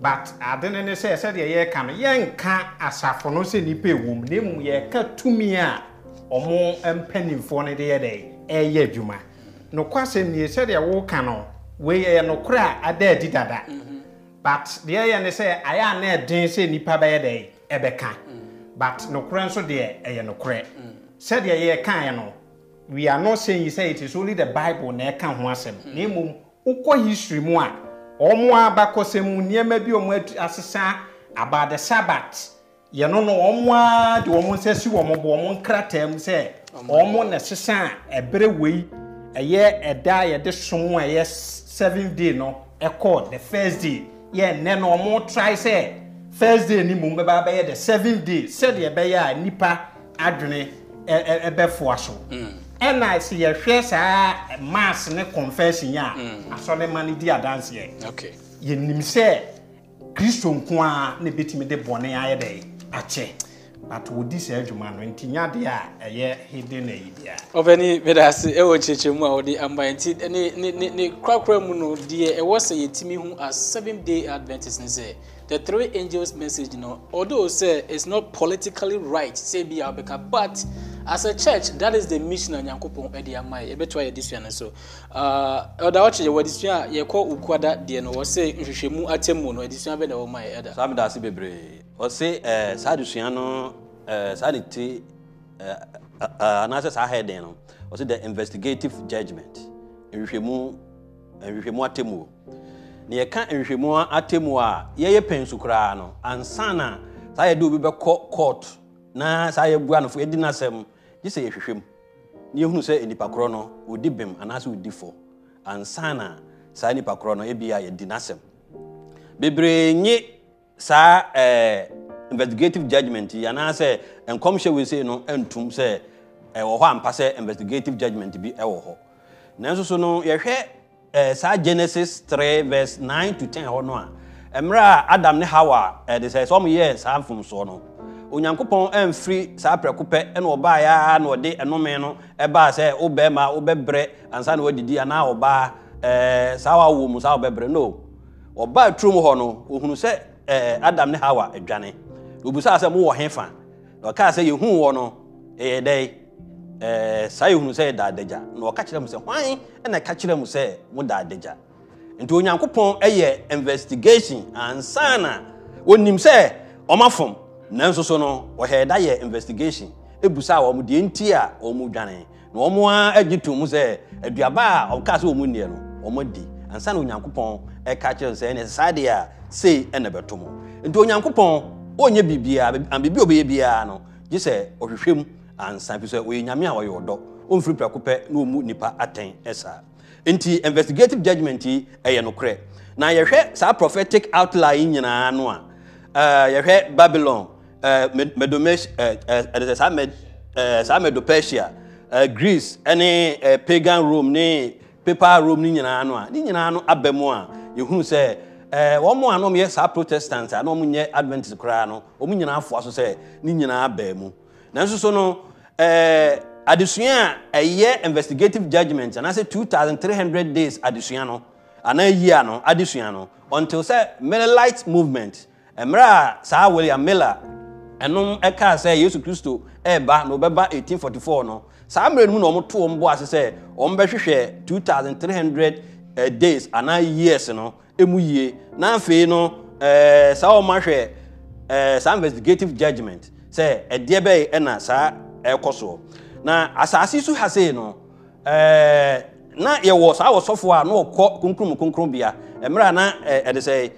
but ade ne ne sɛ sɛdeɛ yɛreka no yɛnka asafo no sɛ nipa ewu mu na mu yɛreka tumi a ɔmo mpanimfoɔ no de yɛ dɛ ɛreyɛ adwuma hmm. nokwasɛm nie sɛdeɛ wɔreka no wei yɛ ada adi dada mhm. but deɛ yɛ ne sɛ ayɛ a ɛden sɛ nipa bɛyɛ dɛ ɛbɛka hmm. but nokorɛ nso deɛ ɛyɛ nokorɛ sɛdeɛ yɛrekaeɛ no we are not saying you say it is only the bible na ɛka ho asɛm hmm. na mmom wokɔ history mu a wɔn abakɔsɛm mu nneɛma bi wɔn asesa about the sabbath yɛno no wɔn a de wɔn nsa si wɔn bo wɔn nkrataa mu sɛ wɔn na sesa a ɛbere wei ɛyɛ ɛda a yɛde som a ɛyɛ seven day no ɛkɔ the first day yɛ nnɛ no wɔn try sɛ first day ni mu bɛba bɛyɛ the seven day sɛdeɛ ɛbɛyɛ a nipa adwene ɛbɛfoa so. Mm ɛna sɛ yɛhwɛ saa mass mm. ne confession uh, eh, um, a asɔre ma no di adanseɛ yɛnim sɛ kristo nko a ne bɛtumi de bɔne ayɛ dɛ akyɛ but wòdi sɛ adwuma no nti nya deɛ a ɛyɛ hidden na yi bia. ɔbɛni medase ɛwɔ kyerɛkyerɛ mu a wɔde ama nti ne ne ne ne korakora mu no deɛ ɛwɔ sɛ yɛtumi hu as seven day adventist ne sɛ the three angels message you know, although say it's not politically right say be abeka but as a church that is the mission of nyankopɔn ɛde ama yɛ yɛbɛtoa yɛ desua no so ɔda wɔkyerɛ yɛ wɔdesua a yɛkɔ okuada deɛ no wɔsɛ nhwehwɛmu atemmu no adesua bɛ na wɔma yɛ ɛda saa meda ase bebree ɔse ɛɛ saa adesua no ɛɛ saa ne ti ɛɛ anaasɛ saa heading the investigative judgment. nhwehwɛmu nhwehwɛmu atemmu na yɛka nhwehwɛmu atemmu a yɛyɛ pɛn so koraa no ansa na saa yɛde obi bɛkɔ court na saa yɛbua nofo yɛdi n'asɛm gye sɛ yɛhwehwɛ mu na yɛhunu sɛ nipa korɔ no ɔdi bem anaasɛ ɔdi fɔ ansa saa nipa korɔ no ebi a yɛdi n'asɛm bebree nye saa ɛɛ eh, investigative judgement yi anaasɛ nkɔmhyɛ wesee no ntum sɛ eh, ɛwɔ hɔ ampa sɛ investigative judgement bi ɛwɔ hɔ nanso so no yɛhwɛ Eh, saa genesis 3 verse 9 to 10 hɔ no a mmerɛ a adam ne hawa ɛde eh, sɛ sɛ ɔmoyɛɛ saa mfomsoɔ no onyankopɔn amfiri saa prɛko pɛ na ɔbaeɛ a na ɔde ɛnome no ɛbaa sɛ wobɛma wobɛbrɛ ansa na wadidi anaa ɔbaa eh, saa wawɔ mu saa wobɛbrɛ no ɔbaa turom hɔ no ɔhunu sɛ adam ne hawa adwane obusaa sɛ mowɔ he fa na ɔkaa sɛ yɛhuu wɔ no ɛyɛ dɛn Eh, saa yɛhunu sɛ yɛda adagya na ɔka kyerɛ mu sɛ hwan ɛna ɛka kyerɛ mu sɛ adagya nti onyankopɔn ɛyɛ investigation na sɛ ɔma fam nanso so no ɔhɛ da yɛ investigation a wɔm deɛ nti a dwane na ɔmo a agye to mu sɛ aduaba a ɔkaa sɛ no na onyankopɔn ɛka kyerɛ sɛ ansa bi sɛ ɔyɛ nyame a ɔyɛ ɔdɔ ɔmfiri prɛko pɛ na ɔmu nipa atɛn ɛsaa nti investigative judgment yi ɛyɛ nokorɛ na yɛhwɛ saa prophetic outline nyinaa no a yɛhwɛ babylon saa medopesia greece ne pagan rome ne paper rome no nyinaa no a ne nyinaa no aba mu a yɛhunu sɛ wɔn a nom yɛ saa protestant a na wɔn nyɛ adventist koraa no wɔn nyinaa afoa so sɛ ne nyinaa baa mu nanso so no eh, adesua a ɛyɛ investigative judgement anaasɛ 2300 days adesua no anaa yia no adesua no until sɛ millelite movement mmerɛ a saa william miller ɛnom ɛkaa sɛ yesu kristo ɛreba na ɔbɛba four no saa mmerɛ no mu na ɔmotoo ɔm bɔ ase sɛ ɔmbɛhwehwɛ 2300 eh, days anaa years no ɛmu yie na afei no eh, saa ɔma hwɛ saa investigative judgement sɛ ɛdeɛ bɛyɛ ɛna saa ɛrekɔ soɔ na asase so ha no ɛɛ na yɛwɔ saa wɔsɔfoɔ a na wɔkɔ kunkun kunkun bea mmerɛ a na ɛde sɛ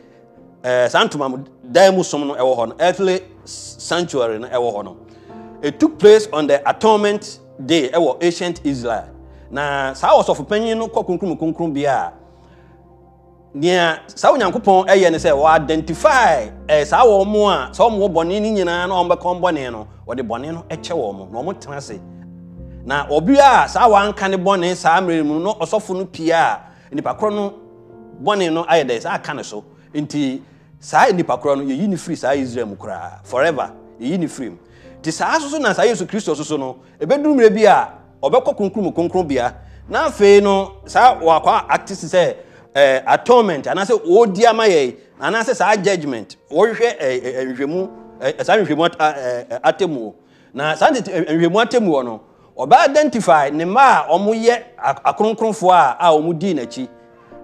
ɛɛ saa ntoma dan mu som no ɛwɔ hɔ no earthly sanctuary no ɛwɔ hɔ no it took place on the atonement day ɛwɔ ancient israel na saa wɔsɔfo panyin no kɔ kunkun kunkun bea a. nea saa onyankopɔn ɛyɛ ne sɛ wɔidentify saa wɔ mo a ɔmowɔ bɔne no nyinaa na ɔmbɛkɔn bɔne no wɔde bɔne no kyɛ wɔ mo na tena ase na ɔbia saa wanka bɔne saa mu ɔsɔfo no a bɔne ayɛ dɛ saa aka ne so nti saa nnipa korɔ no yɛyi ne firi saa israel mu koraa forever yɛyi ne firi mu nti saa soso na saa yesu kristo soso no Eh, atonement anaasɛ wɔredi ama yɛn anaasɛ saa judgement wɔrehwɛ eh, eh, nhwɛmu saa nhwɛmu atemuo na saa nhwɛmu atemuo no ɔbɛ identify ne mma a wɔyɛ akronkronfoɔ a a wɔdi n'akyi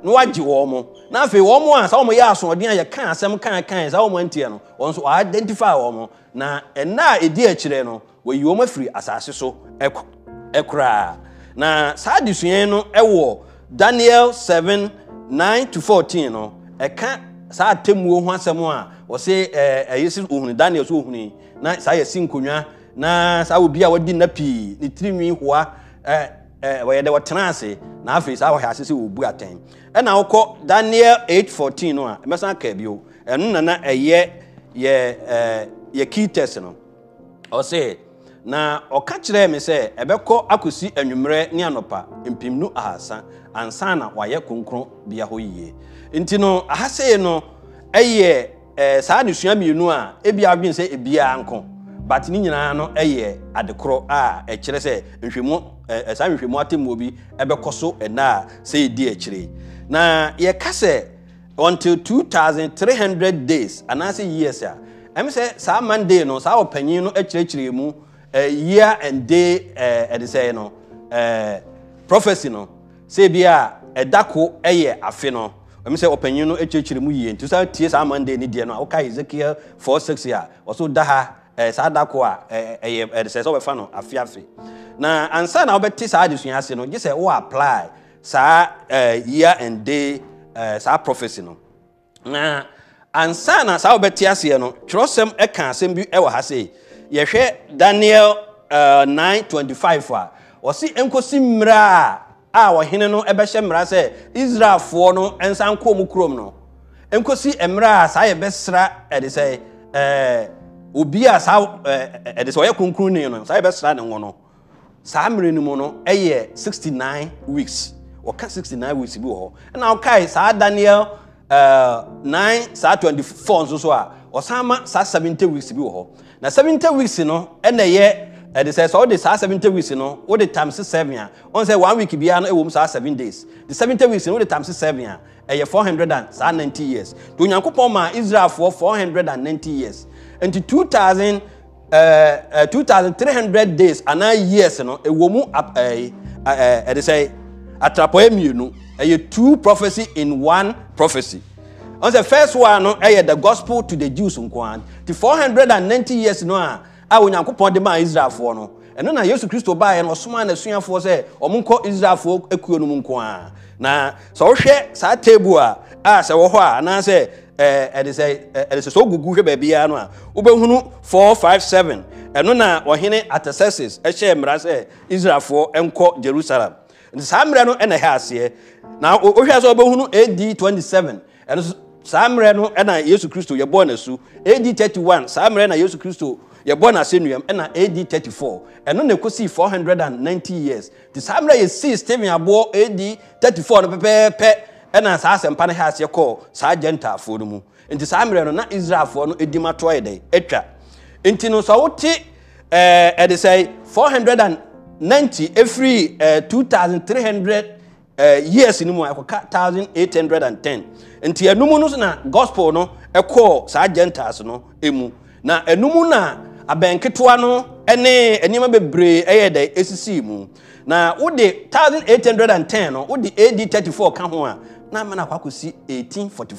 na wagye wɔn mo na afei wɔn a saa wɔn yɛ asoɔden a yɛka asɛm kan kan saa wɔn ntiɛ no wɔn nso identify wɔn mo na ɛna a ɛdi akyire no wɔyi wɔn afiri asase so ɛkoraa na saa adesua no ɛwɔ daniel seven. 14 no ɛka saa atemmuo ho asɛm a ɔse ɛyɛ sɛ ohunu daniel sɛ ohunu na saa yɛ si nkonnwa na saa obi a wɔdi nna pii ne tirinwi hoa wɔyɛ dɛ wɔtena ase na afei saa wɔhɛ ase sɛ wɔbu atɛn ɛna wokɔ daniel 8: 14 no a mɛsan ka bio ɛno nana ɛyɛ yɛ yɛ key test no ɔse na ɔka kyerɛ me sɛ ɛbɛkɔ akɔsi anwummerɛ ne anɔpa mpim ahasa ansa na wayɛ kronkron bea hɔ yie nti no aha no ɛyɛ ɛɛ saa nesua mmienu a ebi adwene sɛ ebiara nko but ne nyinaa no yɛ adekorɔ a ɛkyerɛ sɛ nhwɛmu ɛɛ saa nhwɛmu atemmuo bi ɛbɛkɔ so ɛna a sɛ edi akyire na yɛka sɛ until two thousand three hundred days anaasɛ years a ɛmu sɛ saa monday no saa ɔpanyin no akyerɛkyerɛ mu ɛɛ year and day ɛɛ ɛde sɛ no ɛɛ prophecy no seebi a ɛda ko yɛ afe no ɛmu sɛ ɔpanyin no akyerɛkyerɛ mu yie nti sɛ tie saa monday ne deɛ no a woka ezekiel four six a ɔso da ha ɛɛ saa da ko a ɛɛ ɛyɛ ɛde sɛ sɛ ɔbɛfa no afe afe na ansa na ɔbɛte saa adesua ase no gye sɛ ɔwɔ apply saa ɛɛ year and day ɛɛ saa prophecy no na ansa na saa ɔbɛte aseɛ no twerɛsɛm ɛka asɛm bi ɛwɔ ha sei yɛhwɛ daniel ɛɛ nine twenty five a ɔsi nkosi mmerɛ a ɔhene no bɛhyɛ mmara sɛ israelfoɔ no nsa nkɔɔ mu kurom no nkosi mmerɛ a saa yɛbɛsra ɛde sɛ ɛɛ obi a saa ɛɛ ɛde sɛ ɔyɛ kunkunni no saa yɛbɛsra ne ho no saa mmerɛ no mu no yɛ sixty nine weeks wɔka sixty nine weeks bi wɔ hɔ ɛna ɔkae saa daniel ɛɛ nine saa twenty four nso so a ɔsan ma saa seventy weeks bi wɔ hɔ na seventy weeks no ɛna yɛ ɛde sɛ sɛ wode saa ten weeks no wode times seven a ɔn sɛ one week biara no ɛwom saa seven days the ten weeks no wode times seven a ɛyɛ four hundred and saa ninety years to onyankopɔn ma israelfoɔ four hundred and ninety years nti two thousand ɛɛ eh, eh, two thousand three hundred days anaa years no ɛwɔ mu ɛɛ ɛde sɛ atrapɔɛ mmienu ɛyɛ two prophesy in one prophesy ɔn sɛ first one no ɛyɛ the gospel to the jews nkoa ti four hundred and ninety years no a. Ah, a onyankopɔn de maa israelfoɔ no ɛno na yesu kristo baeɛ no ɔsomaa n'asuafoɔ sɛ ɔmo nkɔ israelfoɔ akuo no mu nko a na sɛ wohwɛ saa table a a sɛ wɔ hɔ a anaasɛ ɛde sɛ ɛde sɛ sɛ ogugu hwɛ baabiara no a wobɛhunu four five seven ɛno na ɔhene ataxerxes ɛhyɛ mmara sɛ israelfoɔ nkɔ jerusalem nti saa mmerɛ no ɛna ɛhɛ aseɛ na wohwɛ sɛ wobɛhunu ad twenty seven ɛno saa mmerɛ no ɛna yesu kristo yɛbɔɔ n'asu ad thirty one saa mmerɛ na yesu kristo yɛbɔ n'asɛnnua mu ɛna ad 34 ɛno na ɛkɔsii 490 years nti saa mmerɛ yɛsii stephen aboɔ ad 34 no pɛpɛɛpɛ ɛna saa asɛmpa no hɛ aseɛ kɔɔ saa gentilefoɔ no mu nti saa mmerɛ no na israelfoɔ no ɛdi ma toɔ yɛ atwa nti no sɛ wote ɛde sɛ 490 ɛfiri 2300 years no mu a ɛkɔka 1810 nti ɛnum no na gospel no ɛkɔɔ saa gentiles no ɛmu na ɛnum na abɛn ketewa no ne nneɛma bebree yɛ dɛ esisi mu na wode 1810 eight no wode ad 34 four ka ho a na ama na akɔ akɔsi eighteen forty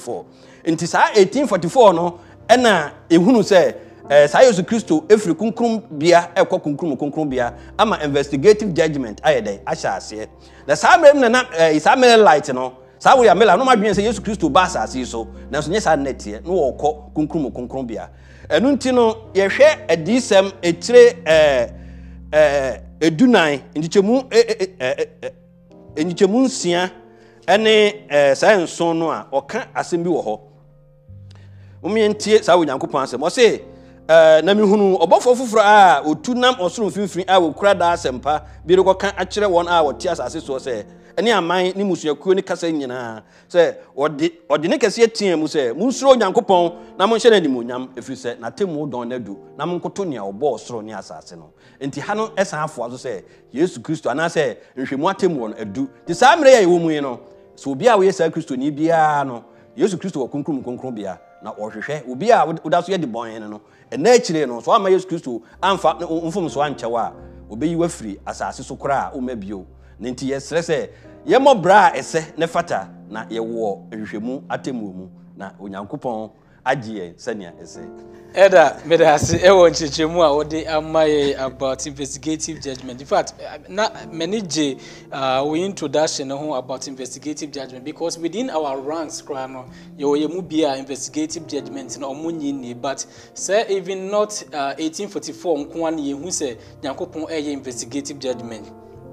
nti saa eighteen no ɛna ehunu sɛ ɛɛ saa yesu kristo efiri kunkun bea ɛkɔ kunkun kunkun bea ama investigative judgement ayɛ dɛ ahyɛ aseɛ na saa mmerɛ na na ɛɛ saa mmerɛ light no saa wòye amela anoma dwen sɛ yesu kristo ba asaase yi so nanso nye saa nnɛteɛ na wɔkɔ kunkun kunkun bea. ɛno nti no yɛhwɛ adiisɛm ɛtire ɛdunan nnikyɛmu nsia ɛne saa nson no a ɔka asɛm bi wɔ hɔ momyɛntie saa onyankopɔn asɛm ɔse na mehunu ɔbɔfoɔ foforɔ a otu nam ɔsoro mfinfin a wɔkura daa asɛmpa bi rekɔka akyerɛ wɔn a wɔte asase soɔ sɛ ne aman ne musuakuo ne kasa nyinaa sɛ ɔde ɔde ne kɛseɛ teɛ mu sɛ munsuro onyankopɔn na monhyɛ no animonyam ɛfiri sɛ n'atemmu dɔn no adu na monkoto nea ɔbɔɔ soro ne asase no enti ha no ɛsan afoa so sɛ yesu kristo anaasɛ nhwɛmu atemmuɔ no adu nti saa mmerɛ yɛ ɛwɔ mu yi no sɛ obiaa woyɛ saa kristoni biara no yesu kristo wɔ kronkrom kronkronbea na ɔhwehwɛ obi a woda so yɛde bɔn no no ɛna akyire no so ama yesu kristo amfa mfom so ankyɛw a obɛyi wafiri asase so koraa a woma bio ne nti yɛsrɛ sɛ yɛmmɔ bra a ɛsɛ ne fata na yɛwɔ nhwehwɛmu atemmuo mu na onyankopɔn agye yɛn sɛnea ɛsɛ ɛda mede ase ɛwɔ nkyerɛkyerɛmu a wɔde ama yɛ about investigative judgment in fact na m'ani gye uh, wo introduction no ho about investigative judgment because within our ranks koraa no yɛwɔ yɛ mu bia investigative judgment na ɔmo nyi nie but sɛ even not uh, 1844 nko a no yɛhu sɛ nyankopɔn ɛyɛ investigative judgment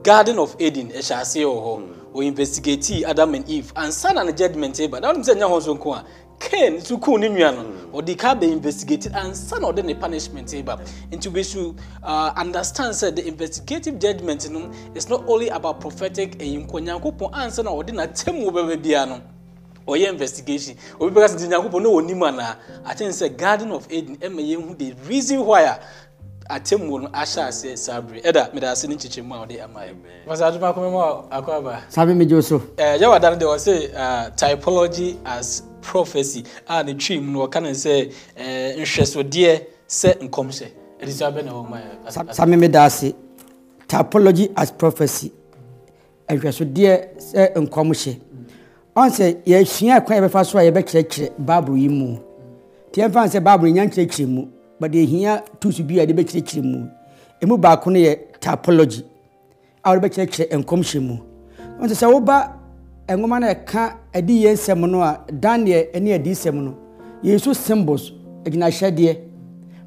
garden of eden ɛhyɛ aseɛ wɔ hɔ hmm. ɔinvestigate adam and eve ansa na ne judgment ba na wɔn sɛ nyɛ hɔ nso nko a Cain nso kun ne hmm. nua no ɔde ka bɛ investigate ansa na ɔde ne punishment ba nti we should uh, understand say the investigative judgment no is not only about prophetic ɛyin kɔ nyankopɔn ansa na ɔde n'atɛmu bɛbɛ bia no ɔyɛ investigation obi bɛka sɛ nti nyankopɔn na wɔnim anaa akyɛn sɛ garden of eden ɛma yɛn hu the reason why a atemmuo no ahyɛ aseɛ saa bere ɛda mede ase ne nkyekyɛ mu a wɔde ama yɛ masa adoma kɔmɛ akɔ aba saa me megye so yɛwɔ da no deɛ wɔ sɛ typology as prophecy a ne twi mu no wɔka ne sɛ nhwɛsodeɛ sɛ nkɔmhyɛ ɛde so abɛ na ma yɛ me meda ase typology as prophecy nhwɛsodeɛ sɛ nkɔmhyɛ ɔn sɛ yɛsua kwan yɛbɛfa so a yɛbɛkyerɛkyerɛ bible yi mu nti yɛmfa sɛ bible yi nyankyerɛkyerɛ mu Bade deɛ hia tools bi a yɛde bɛkyerɛkyerɛ mu emu baako no yɛ typology a wɔde bɛkyerɛkyerɛ nkɔmhyɛ mu wɔn sɛ woba nwoma no ɛka adi yɛn nsɛm no a daniel ne adi nsɛm no yɛn so symbols agyina ahyɛdeɛ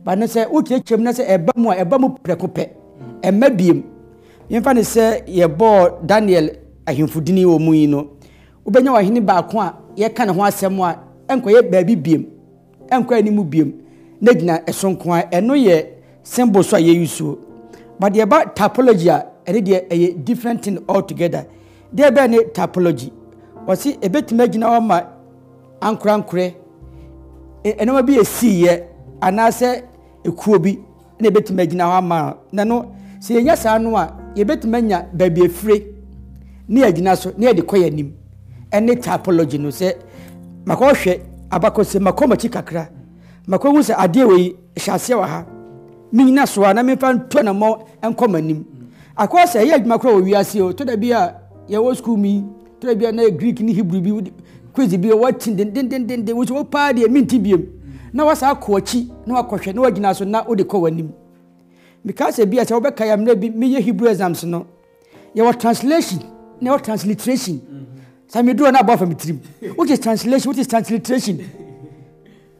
ba ne sɛ wokyerɛkyerɛ mu na sɛ ɛba mu a ɛba mu prɛko pɛ ɛmɛ biem yɛmfa ne sɛ yɛbɔɔ daniel ahemfodini wɔ mu yi no wobɛnya wɔhene baako a yɛka ne ho asɛm a ɛnkɔyɛ baabi biem ɛnkɔ anim biem na gyina ɛso nko a ɛno yɛ symbol so a yɛyi suo but deɛ ɛba typology a ɛne deɛ ɛyɛ different thing altogether deɛ ɛbɛn ne typology wɔsi ebetumi agyina hɔ ma ankorankorɛ nneɛma bi esiiɛ anaasɛ ekuo bi na ebetumi agyina hɔ ama na no sɛ yɛnya saa no a yɛbetumi anya baabi efire ne yɛgyina so ne yɛde kɔ yɛn anim ɛne typology no sɛ makɔhwɛ abakɔsɛ makɔmakyi kakra makɔhu sɛ adeɛ wei hyɛ aseɛ wɔ ha menyina so a na memfa nto na mmɔ nkɔ m'anim akɔɔ sɛ ɛyɛ adwuma korɔ wɔ wiase o tɔda bi a yɛwɔ school mu yi tɔda bi a na greek ne hebrew bi quiz bi wɔte dendendenden wo sɛ wopaa deɛ menti biam na wasaa kɔ akyi na wakɔhwɛ na wagyina so na wode kɔ w'anim meka sɛ bia sɛ wobɛka yɛ mmerɛ bi meyɛ hebrew exams no yɛwɔ translation na yɛwɔ transliteration sɛ medurɔ na abɔfa me tirim wote translation wote transliteration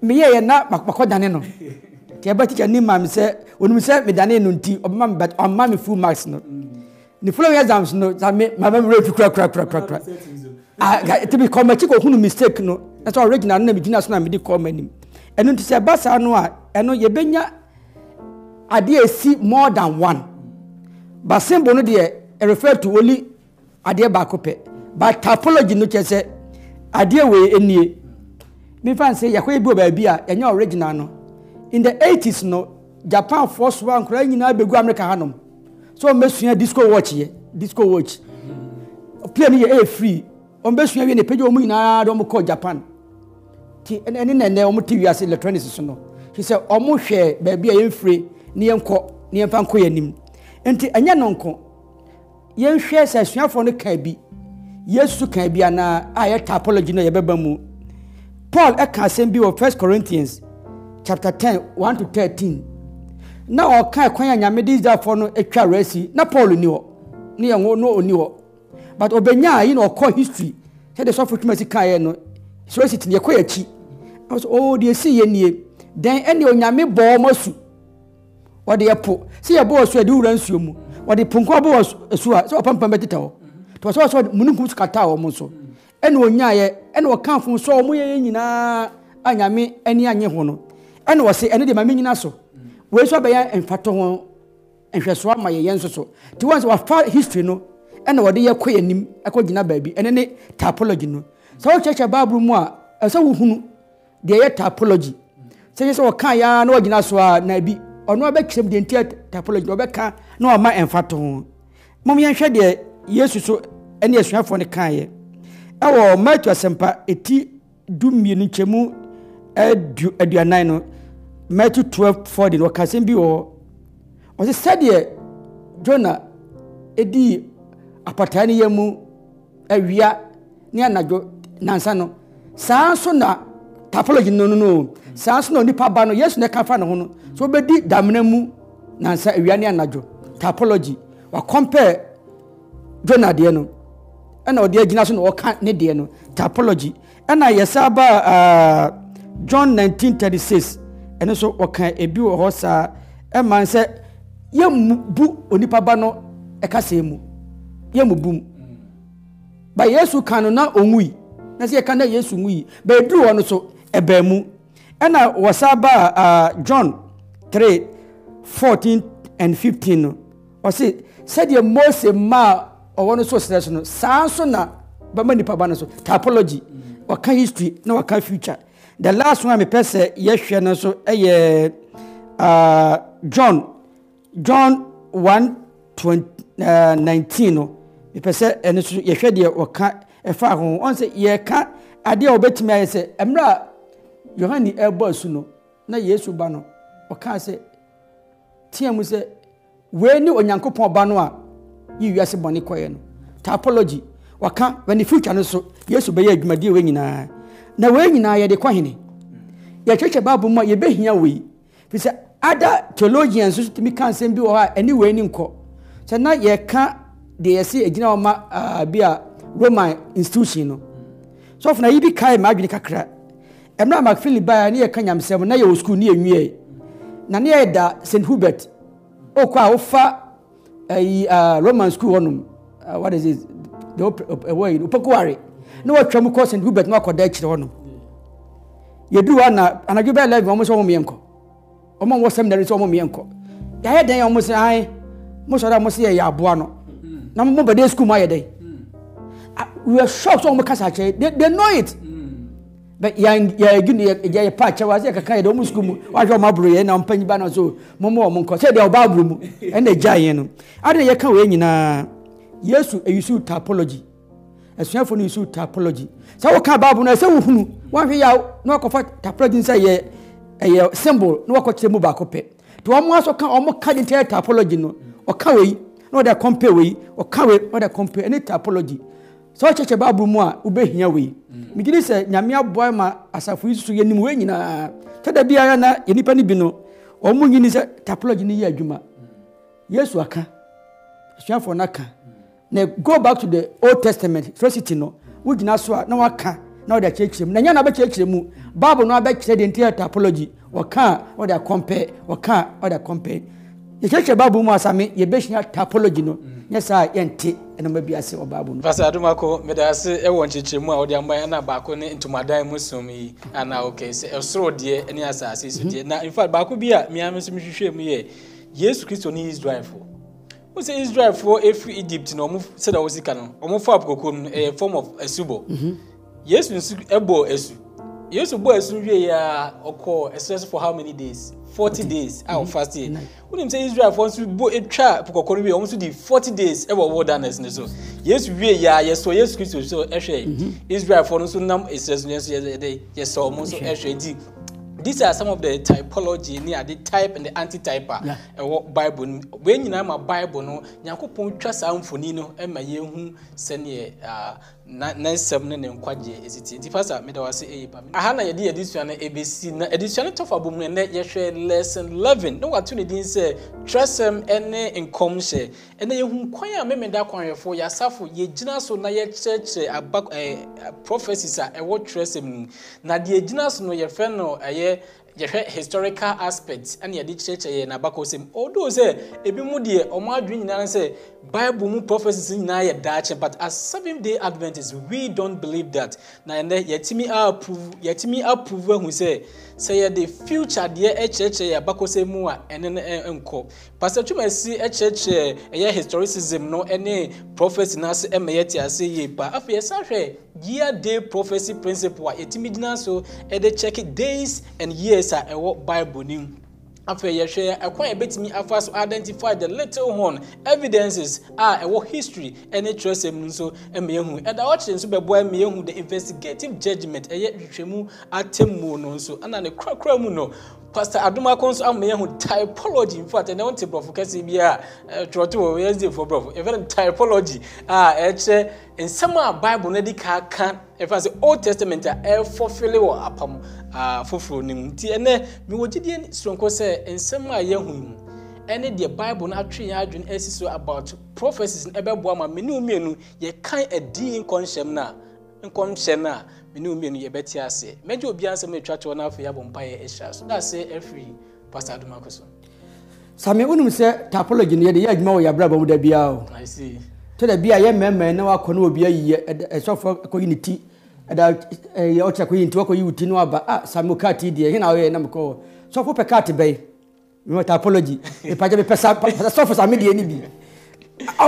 meyɛ yɛ na makɔdane no nti ɛbɛ tikya ne maame sɛ onim sɛ medane no nti ɔbɛma me bat ɔma me full marks no mm. ne following exams no sa me mama me refi kura kura kura kura kura ti bi kɔn m'akyi k'ohunu mistake no ɛsɛ original no na mi gyina so na mi di kɔn m'anim ɛno nti sɛ ɛba saa no a ɛno yɛbɛnya adeɛ esi more than one basimbo no deɛ ɛrefer to only adeɛ baako pɛ but typology no kyɛ sɛ adeɛ wɔ enie mefa nse yɛkɔ ebi wɔ baabi a yɛnyɛ original no in the 80s no japan foɔ so a nkɔla nyinaa gu america hanom so wɔn bɛsua disco watch yɛ disco watch play no yɛ ɛyɛ free wɔn bɛsua wie ne pɛgya wɔn nyinaa de wɔn kɔ japan ti ɛne nɛnɛ wɔn ti wiase electronics so no he sɛ wɔn hwɛ baabi a yɛn fure ne yɛn kɔ ne yɛn fa nkɔ yɛn anim nti ɛnyɛ no nko yɛn hwɛ sɛ asuafoɔ no kaa bi yɛsu kaa bi anaa a yɛ tapology no yɛbɛba mu paul ɛka asɛm bi wɔ 1 corinthians chapter 10 1 to 13 na ɔka kwan a nyame de israelfoɔ no atwa rɛsi na paul ni hɔ ne yɛn ho no ɔni hɔ but ɔbɛnya a yi na ɔkɔ history sɛdeɛ sɔfo twuma si kaeɛ no sɔrɛsi ti yɛkɔ yɛ akyi ɔsɔ oo oh, deɛ si yɛ nie dɛn ɛne onyame bɔ ɔmo asu ɔde yɛ si yɛ bɔ ɔsu yɛ de wura nsuo mu ɔde ponko abɔ ɔsu a sɛ ɔpampam bɛteta hɔ tɔsɔ ɔsɔ munukun so kata wɔn so ɛna onyaayɛ ɛna ɔkanfo nso a ɔmoyɛyɛ nyinaa anyame ani anye ho no ɛna ɔse ɛne deɛ ma menyina so wei nso abɛyɛ mfatɔ ho nhwɛsoɔ ama yɛyɛ nso so nti wɔn sɛ wafa history no ɛna wɔde yɛ kɔ yɛ anim ɛkɔ gyina baabi ɛne ne typology no sɛ wɔkyerɛkyerɛ baabul mu a ɛsɛ e wohunu deɛ ɛyɛ typology sɛ yɛ sɛ wɔka yɛ na wɔgyina so a na bi ɔno abɛkyerɛm deɛ nti typology na ɔbɛka na ɔma mfatɔ ho mom yɛnhwɛ deɛ yesu so ɛne asuafoɔ no kaeɛ ɛwɔ matthew asɛmpa ɛti du mmienu kyɛmu aduanan no matthew twelve forty no ɔka asɛm bi wɔ ɔsɛ sɛdeɛ jona ɛdii apataa no yɛ mu awia ne anadwo nansa no saa nso na tapology no no no saa nso na onipa ba no yesu na ɛka fa ne ho no so wobɛdi damena mu nansa awia ne anadwo tapology wakɔmpɛ jona deɛ no ɛna ɔde agyina so na ɔka ne deɛ no typology ɛna yɛsa ba ah, john 1936 ɛno nso ɔka ebi wɔ hɔ saa ɛma sɛ yɛmbu onipa ba no ɛkasa mu yɛmubu mu ba yesu ka no na ɔnwui na sɛ yɛka na yesu nwui baaduru hɔ no so ɛbaa mu ɛna wɔsa ba ah, john 3 14 and 15 no ɔse sɛdeɛ mose maa ɔwɔ no so so no saa nso na bɛma nipa ba no so typology waka history na waka future the last one a mepɛ sɛ yɛhwɛ no so, yɛ uh, john john 1 20, uh, 19 no mepɛ sɛ ɛno so yɛhwɛ deɛ wɔka ɛfa ahoho ɔn sɛ yɛka adeɛ a wɔbɛtumi ayɛ sɛ mmerɛ a yohane ɛrebɔ asu no na yesu ba no ɔkaa sɛ teɛ mu sɛ wei ne onyankopɔn ba no a yi bɔne kɔɛ no ta apology waka wɛne future no so yesu bɛyɛ adwumadeɛ wei nyinaa na wei nyinaa yɛde kɔ hene yɛkyerɛkyerɛ bible mu a yɛbɛhia wei firi sɛ ada theologians nso tumi ka nsɛm bi wɔ hɔ a ɛne wei ni nkɔ sɛ na yɛka deɛ yɛse agyina hɔ ma ah, bi a roman institution no sɔfo na yi bi kae m'adwene kakra ɛmmerɛ a macphilip baa ne yɛka nyamsɛm na yɛwɔ sukuu ne yɛnwiee na ne da st hubert okɔ a wofa Eh, eh, ayi ah, roman school hɔnom ah, what is it the ɛwɔ yi opokuware wa wɔatwam kɔ st hubert na wakɔda akyire hɔnom yɛduru hɔ na anadwo bɛyɛ eleven ɔmo sɛ ɔmo mmiɛ nkɔ ɔmo wɔ seminary sɛ ɔmo mmiɛ yɛayɛ dɛn ɔmo sɛ ae mo sɔrɔ a sɛ yɛyɛ aboa no na mo bɛde school mu ayɛ dɛn ah, we are shocked sɛ ɔmo kasa akyerɛ they they know it. Mm yɛyɛ pa akyɛ wase yɛkaka yɛ dɛ ɔmo sukuu mu wahwɛ ɔmo aburo yɛ na ɔmpanyin e, e, ba na so momo ɔmo nkɔ sɛdeɛ ɔba aburo mu ɛna egya yɛn no adi yɛka wɔyɛ nyinaa yesu eyusu tapology asuafo e, no yusu tapology sɛ wɔka baabu na sɛ wohunu wahwɛ yɛ na wakɔfa tapology nsa yɛ ɛyɛ symbol na wakɔkyerɛ mu baako pɛ to ɔmo aso ka ɔmo ka de tɛ tapology no ɔka wɔyi na ɔde kɔmpe wɔyi ɔka wɔyi na ɔde kɔmpe ɛne tapology sɛ ɔkyekyɛ baabul mu a wobɛhia wei megyene sɛ nyame aboa ma asafo yi so yɛnim wei nyinaa sɛ da biara na yɛnipa no bi no ɔmo nyini sɛ tapology no yɛ adwuma yesu aka asuafoɔ no aka na go back to the old testament fɛsiti no wogyina so a na waka na ɔde akyerɛkyerɛ mu na nyɛ na abɛkyerɛkyerɛ mu baabu no abɛkyerɛ deɛ nti yɛ tapology ɔka a ɔde akɔmpɛ ɔka a ɔde akɔmpɛ yɛkyerɛkyerɛ baabul mu asame yɛbɛhyia tapology no nyɛ saa yɛnte ɛna ma bi ase ɔbaa bɔ no. pasa adumako mɛda ase ɛwɔ nkyɛnkyɛnmu a ɔde aman ɛna baako ne ntomadan mu som yi ana ok sɛ ɛsoro deɛ ɛne asase so deɛ na in fact baako bi a mìíràn nso mihwehwɛ mu yɛ yesu kristo ne israelfoɔ wọ́n sɛ israelfoɔ efiri egypt na wɔn sɛdeɛ wɔn sika no wɔn fɔ apokoko mu ɛyɛ form of esubɔ mhm. yesu nso ɛbɔ esu yesu bɔ ɛsoro wie a ɔkɔ ɛsoro for how many days forty days a ɔfast mhm. yɛ wonim sɛ israelfoɔ nso bɔ etwa kɔkɔɔ no wie wɔn nso di forty days ɛwɔ wilderness ne so yesu wie a yɛsɔ yesu kristo so ɛhwɛ mhm. israelfoɔ no nso nam ɛsoro so yɛsɔ yɛsɔ wɔn nso ɛhwɛ nti these are some of the typology ne the type and the anti-type a ɛwɔ bible no wɔn nyinaa ma bible no nyankopɔn twa saa mfoni no ɛma yɛn ho sɛneɛ aa. Ah, na ne nsɛm ne ne nkwagyeɛ ɛsiti nti pasa meda wase ɛyi pa aha na yɛde yɛdesua no ɛbɛsi na adesua no tɔfo abɔ mu ɛnɛ yɛhwɛ lesson eleven. na wato ne din sɛ twerɛsɛm ne nkɔmhyɛ ɛnɛ yɛhu kwan a memeda kwanhwɛfoɔ yɛasafo yɛgyina so na yɛkyerɛkyerɛ aba prophecies a ɛwɔ twerɛsɛm no mu na deɛ ɛgyina so no yɛfrɛ no ɛyɛ yɛhwɛ historical aspects ɛna yɛde kyerɛkyerɛ yɛn n'abakɔsɛm although sɛ ebi mu deɛ ɔmo adwene nyinaa sɛ bible mu prophecies nyinaa yɛ daakye but as seven day adventists we don't believe that na yɛn dɛ yɛtumi approve yɛtumi approve ehu sɛ sɛ yɛde future deɛ ɛkyerɛkyerɛ yɛ abakɔsɛ mu a ɛne no ɛnkɔ pastor twuma si ɛkyerɛkyerɛ ɛyɛ historicism no ɛne prophecy no ase ɛma yɛte ase yie pa afei yɛsan hwɛ year day prophecy principle a yɛtumi gyina so ɛde check days and years a ɛwɔ bible nim afei yɛhwɛ ɛkwan a yɛbɛtumi afa so identify the little horn evidences a ɛwɔ history ɛne kyerɛsɛm no nso ɛmɛ yɛhu ɛda ɔkyerɛ nso bɛboa ɛmɛ yɛhu the investigative judgement ɛyɛ hwehwɛmu atemmuo no nso ɛna ne korakora mu no pastor adumakon nso ama yɛn ho typology in fact ɛnɛ wɔnte borɔfo kɛseɛ bi a ɛtwerɛto wɔ wednesday for borɔfo yɛfɛ no typology a ɛkyerɛ nsɛm a bible no de ka ka ɛfa sɛ old testament a ɛfɔfele wɔ apam a foforɔ no mu nti ɛnɛ mewɔ gyidie soronko sɛ nsɛm a yɛho mu ɛne deɛ bible no atwe yɛn adwene asi so about prophecies no ɛbɛboa ma mene wo mmienu yɛkan adiyi nkɔnhyɛm no a nkɔmhyɛ no mene wo mmienu yɛbɛte ase mɛgye obiara nsɛm atwa toɔ no afei abɔ mpaeɛ ahyira so da ase afiri pastor adomako so same wonim sɛ tapology no yɛde yɛ adwuma wɔ yɛabrabɔ mu da biara o sɛ da bia yɛ mmɛmma na wakɔ ne eh, obi ayiyɛ ɛsɔfoɔ kɔyi ne ti ɛda ɛyɛ eh, ɔkyerɛ kɔyi nti wakɔyi wo ti no aba a same kaate deɛ hena woyɛ nam kɔ sɔfo pɛ kaate bɛyɛ tapology mepagya mepɛ sɔfo same deɛ no bi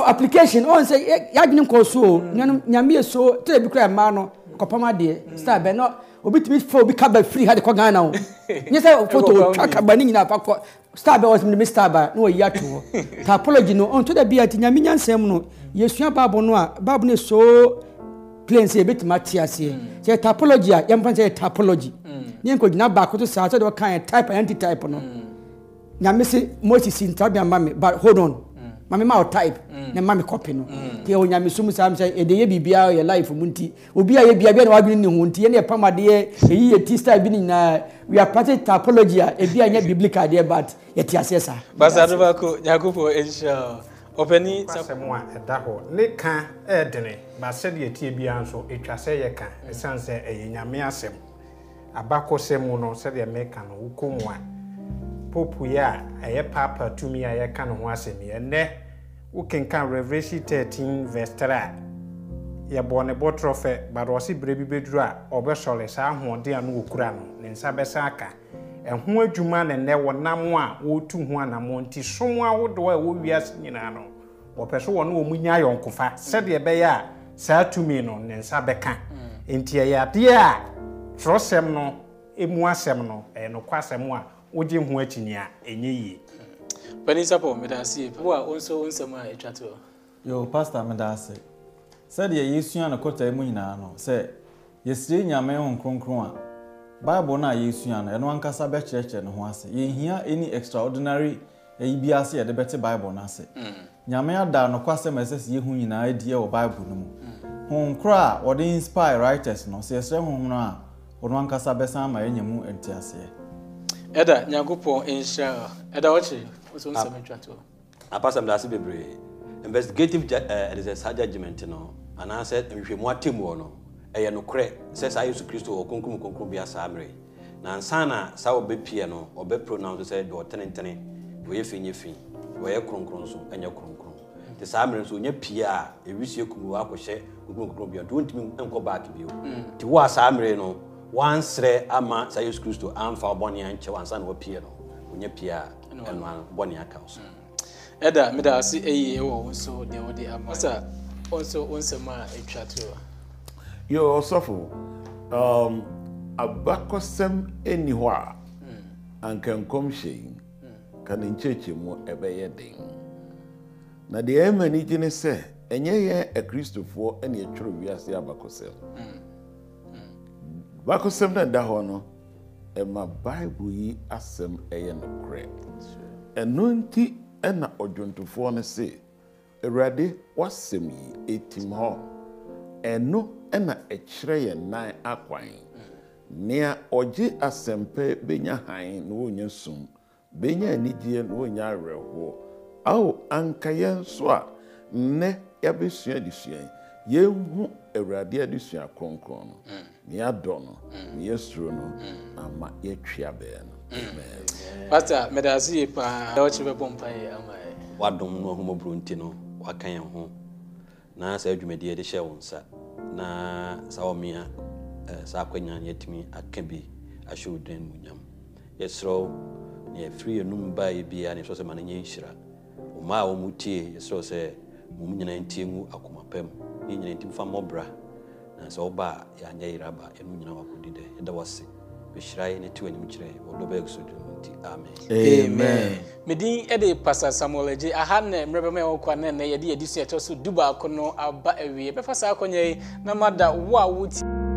application ɔn sɛ eh, yadini kɔ so o mm. nyame yɛ so tẹ ebi kura mmaa no kɔpam adeɛ mm. star bɛn no obi tumi fɔ obi kaba free ha de kɔ ghana o nye sɛ foto twa kaba ne nyinaa fa star bɛ ɔsɛ mi star ba ne wɔyi ato hɔ ta apology no ɔn to dɛ bi a ti nyame nyansɛn mu no yɛsua baabu no a baabu no so plane sɛ ebi tuma te aseɛ mm. sɛ tapology a yɛn pan sɛ tapology ne yɛn kɔ gyina baako to saa sɛ de wɔka yɛ type anti type no nyame se moses ntabi ama mi but hold on mami ma o type mm. na mami copy no mm. ti o nyame sum sam sɛ e de ye bibia yɛ life mu nti obi a yɛ bibia bi na wadwene ne ho nti yɛ ne yɛ pam adeɛ eyi yɛ ti style bi ne nyinaa we are practice typology a ebi a nyɛ biblical adeɛ but yɛ ti aseɛ saa. basa adubako nyakubo ehyia o ɔpɛni. asɛm a ɛda hɔ ne kan ɛɛdene baasa deɛ tie biara nso etwa sɛ yɛ kan ɛsan mm. sɛ ɛyɛ nyame asɛm abakɔsɛm no sɛdeɛ mɛka no wokɔ mu a. popoeɛ a ɛyɛ paapaa tumi a yɛka ne ho asɛm yi ɛnnɛ wokenkan revelation 13 verse 3 a yɛbɔ ne bɔtɔrɔ fɛ bade ɔse berɛ bi bɛduru a ɔbɛsɔre saa ahoɔden a no wɔkura no ne nsa bɛsa aka ɛho adwuma ne nnɛ wɔnam a wɔretu ho anammɔ nti som ahodoɔ a ɛwɔ wiase nyinaa no wɔpɛ so wɔne wɔ mu nya ayɔnkofa sɛdeɛ ɛbɛyɛ a saa tumi no ne nsa bɛka mm. nti ɛyɛ adeɛ a twerɛsɛm no ɛmu asɛm no ɛyɛ nokwasɛm a wogye ho akyini a ɛnyɛ yie pani sapɔ medase wo a wo nso wo nsɛm a ɛtwa to yo pastor medase sɛdeɛ yɛsua no kɔtae mu nyinaa no sɛ yɛsire nyame ho nkronkron a bible no a yɛsua no ɛno ankasa bɛkyerɛkyerɛ ne ho ase yɛhia ɛni extraordinary ɛyi bi ase yɛde bɛte bible no ase mm. nyame ada nokwasɛm ɛsɛ sɛ yɛhu nyinaa adiɛ wɔ bible no mu honkoro a wɔde inspire writers no sɛ yɛsrɛ honhom no a ɔno ankasa bɛsan ama yɛanya mu nteaseɛ ɛda nyankopɔn nhyira ɛda wɔkye woso nsɛm atwa toɔ apasɛm daase bebree investigative eh, ɛdesɛsaa judgment no anaasɛ nhwehwɛmu atemmu hɔ no ɛyɛ nokorɛ sɛ saa yesu kristo wɔ kronkrom kronkron bi asaa mmerɛ na ansa na saa wɔbɛpie no ɔbɛpro no nso sɛ deɛ ɔtenetene wɔyɛ fi nyɛ fi wɔyɛ kronkron nso ɛnyɛ kronkron nti saa mmerɛ nso ɔnyɛ pie a ɛwisie kumu akɔhyɛ kronkron kronkron bi nti wɔntumi nkɔ baak bio mm. nti wo a saa mmerɛ no wansrɛ ama saa yesu kristo amfa bɔne ankyɛ wansa na wapie no ɔnyɛ pie a ɛno bɔne aka wo so ɛda mm. meda ase ɛyi ɛwɔ wo nso deɛ wode ama sɛ ɔnso wo nsɛm a ɛtwa toa yo ɔsɔfo um, abakɔsɛm ɛnni hɔ a mm. anka nkɔm hyɛi mm. ka ne nkyerɛkyerɛmu ɛbɛyɛ den na deɛ ɛma ni gye ne sɛ ɛnyɛ yɛn akristofoɔ ɛne ɛtwerɛ wiase abakɔsɛm baakɔsɛm no ɛda hɔ no ɛma bible yi asɛm ɛyɛ nokorɛ ɛno nti ɛna ɔdwontofoɔ no se awurade woasɛm yi ɛtim hɔ ɛno ɛna ɛkyerɛ yɛ nan akwan nea ɔgye asɛmpɛ bɛnya hann na wɔnya sum bɛnya anigyeɛ na wɔnya awerɛhoɔ ao anka nso a nnɛ yɛabɛsua adesua yi yɛnhu awurade adesua kronkron no ne yɛadɔ no ne yɛsuro no ama yɛtwe abɛɛ no pastor mede ase yie paa da wokyerɛ bɛbɔ mpaeɛ ama wadom no ahomɔborɔ nti no waka yɛn ho na saa adwumadiɛ de hyɛ wo nsa na saa ɔmea saa akwanya no yɛatumi aka bi ahyɛ wodan mu nyam yɛserɛ wo na yɛfiri yɛnum baeɛ biaa ne yɛsrɛ sɛ ma no nyɛ nhyira ɔmaa a wɔ mu tie yɛserɛ sɛ mo mu nyinaa ntie akoma pa mu ne nyinaa ntim fa mmɔbra sɛ woba a yɛanyɛ yeraba ɛno nyina wakɔdi dɛ yɛda wase bɛhyira yɛ ne te w'anim kyerɛ wɔdɔ bɛyɛ sodwo no nti amen amen medin de pasa samuel agye aha na mmerɛ ɛwɔ kwa nɛnɛ yɛde yɛdi so yɛtɔ so dubaako no aba awie bɛfa saa akɔnyɛ yi na mada wo a woti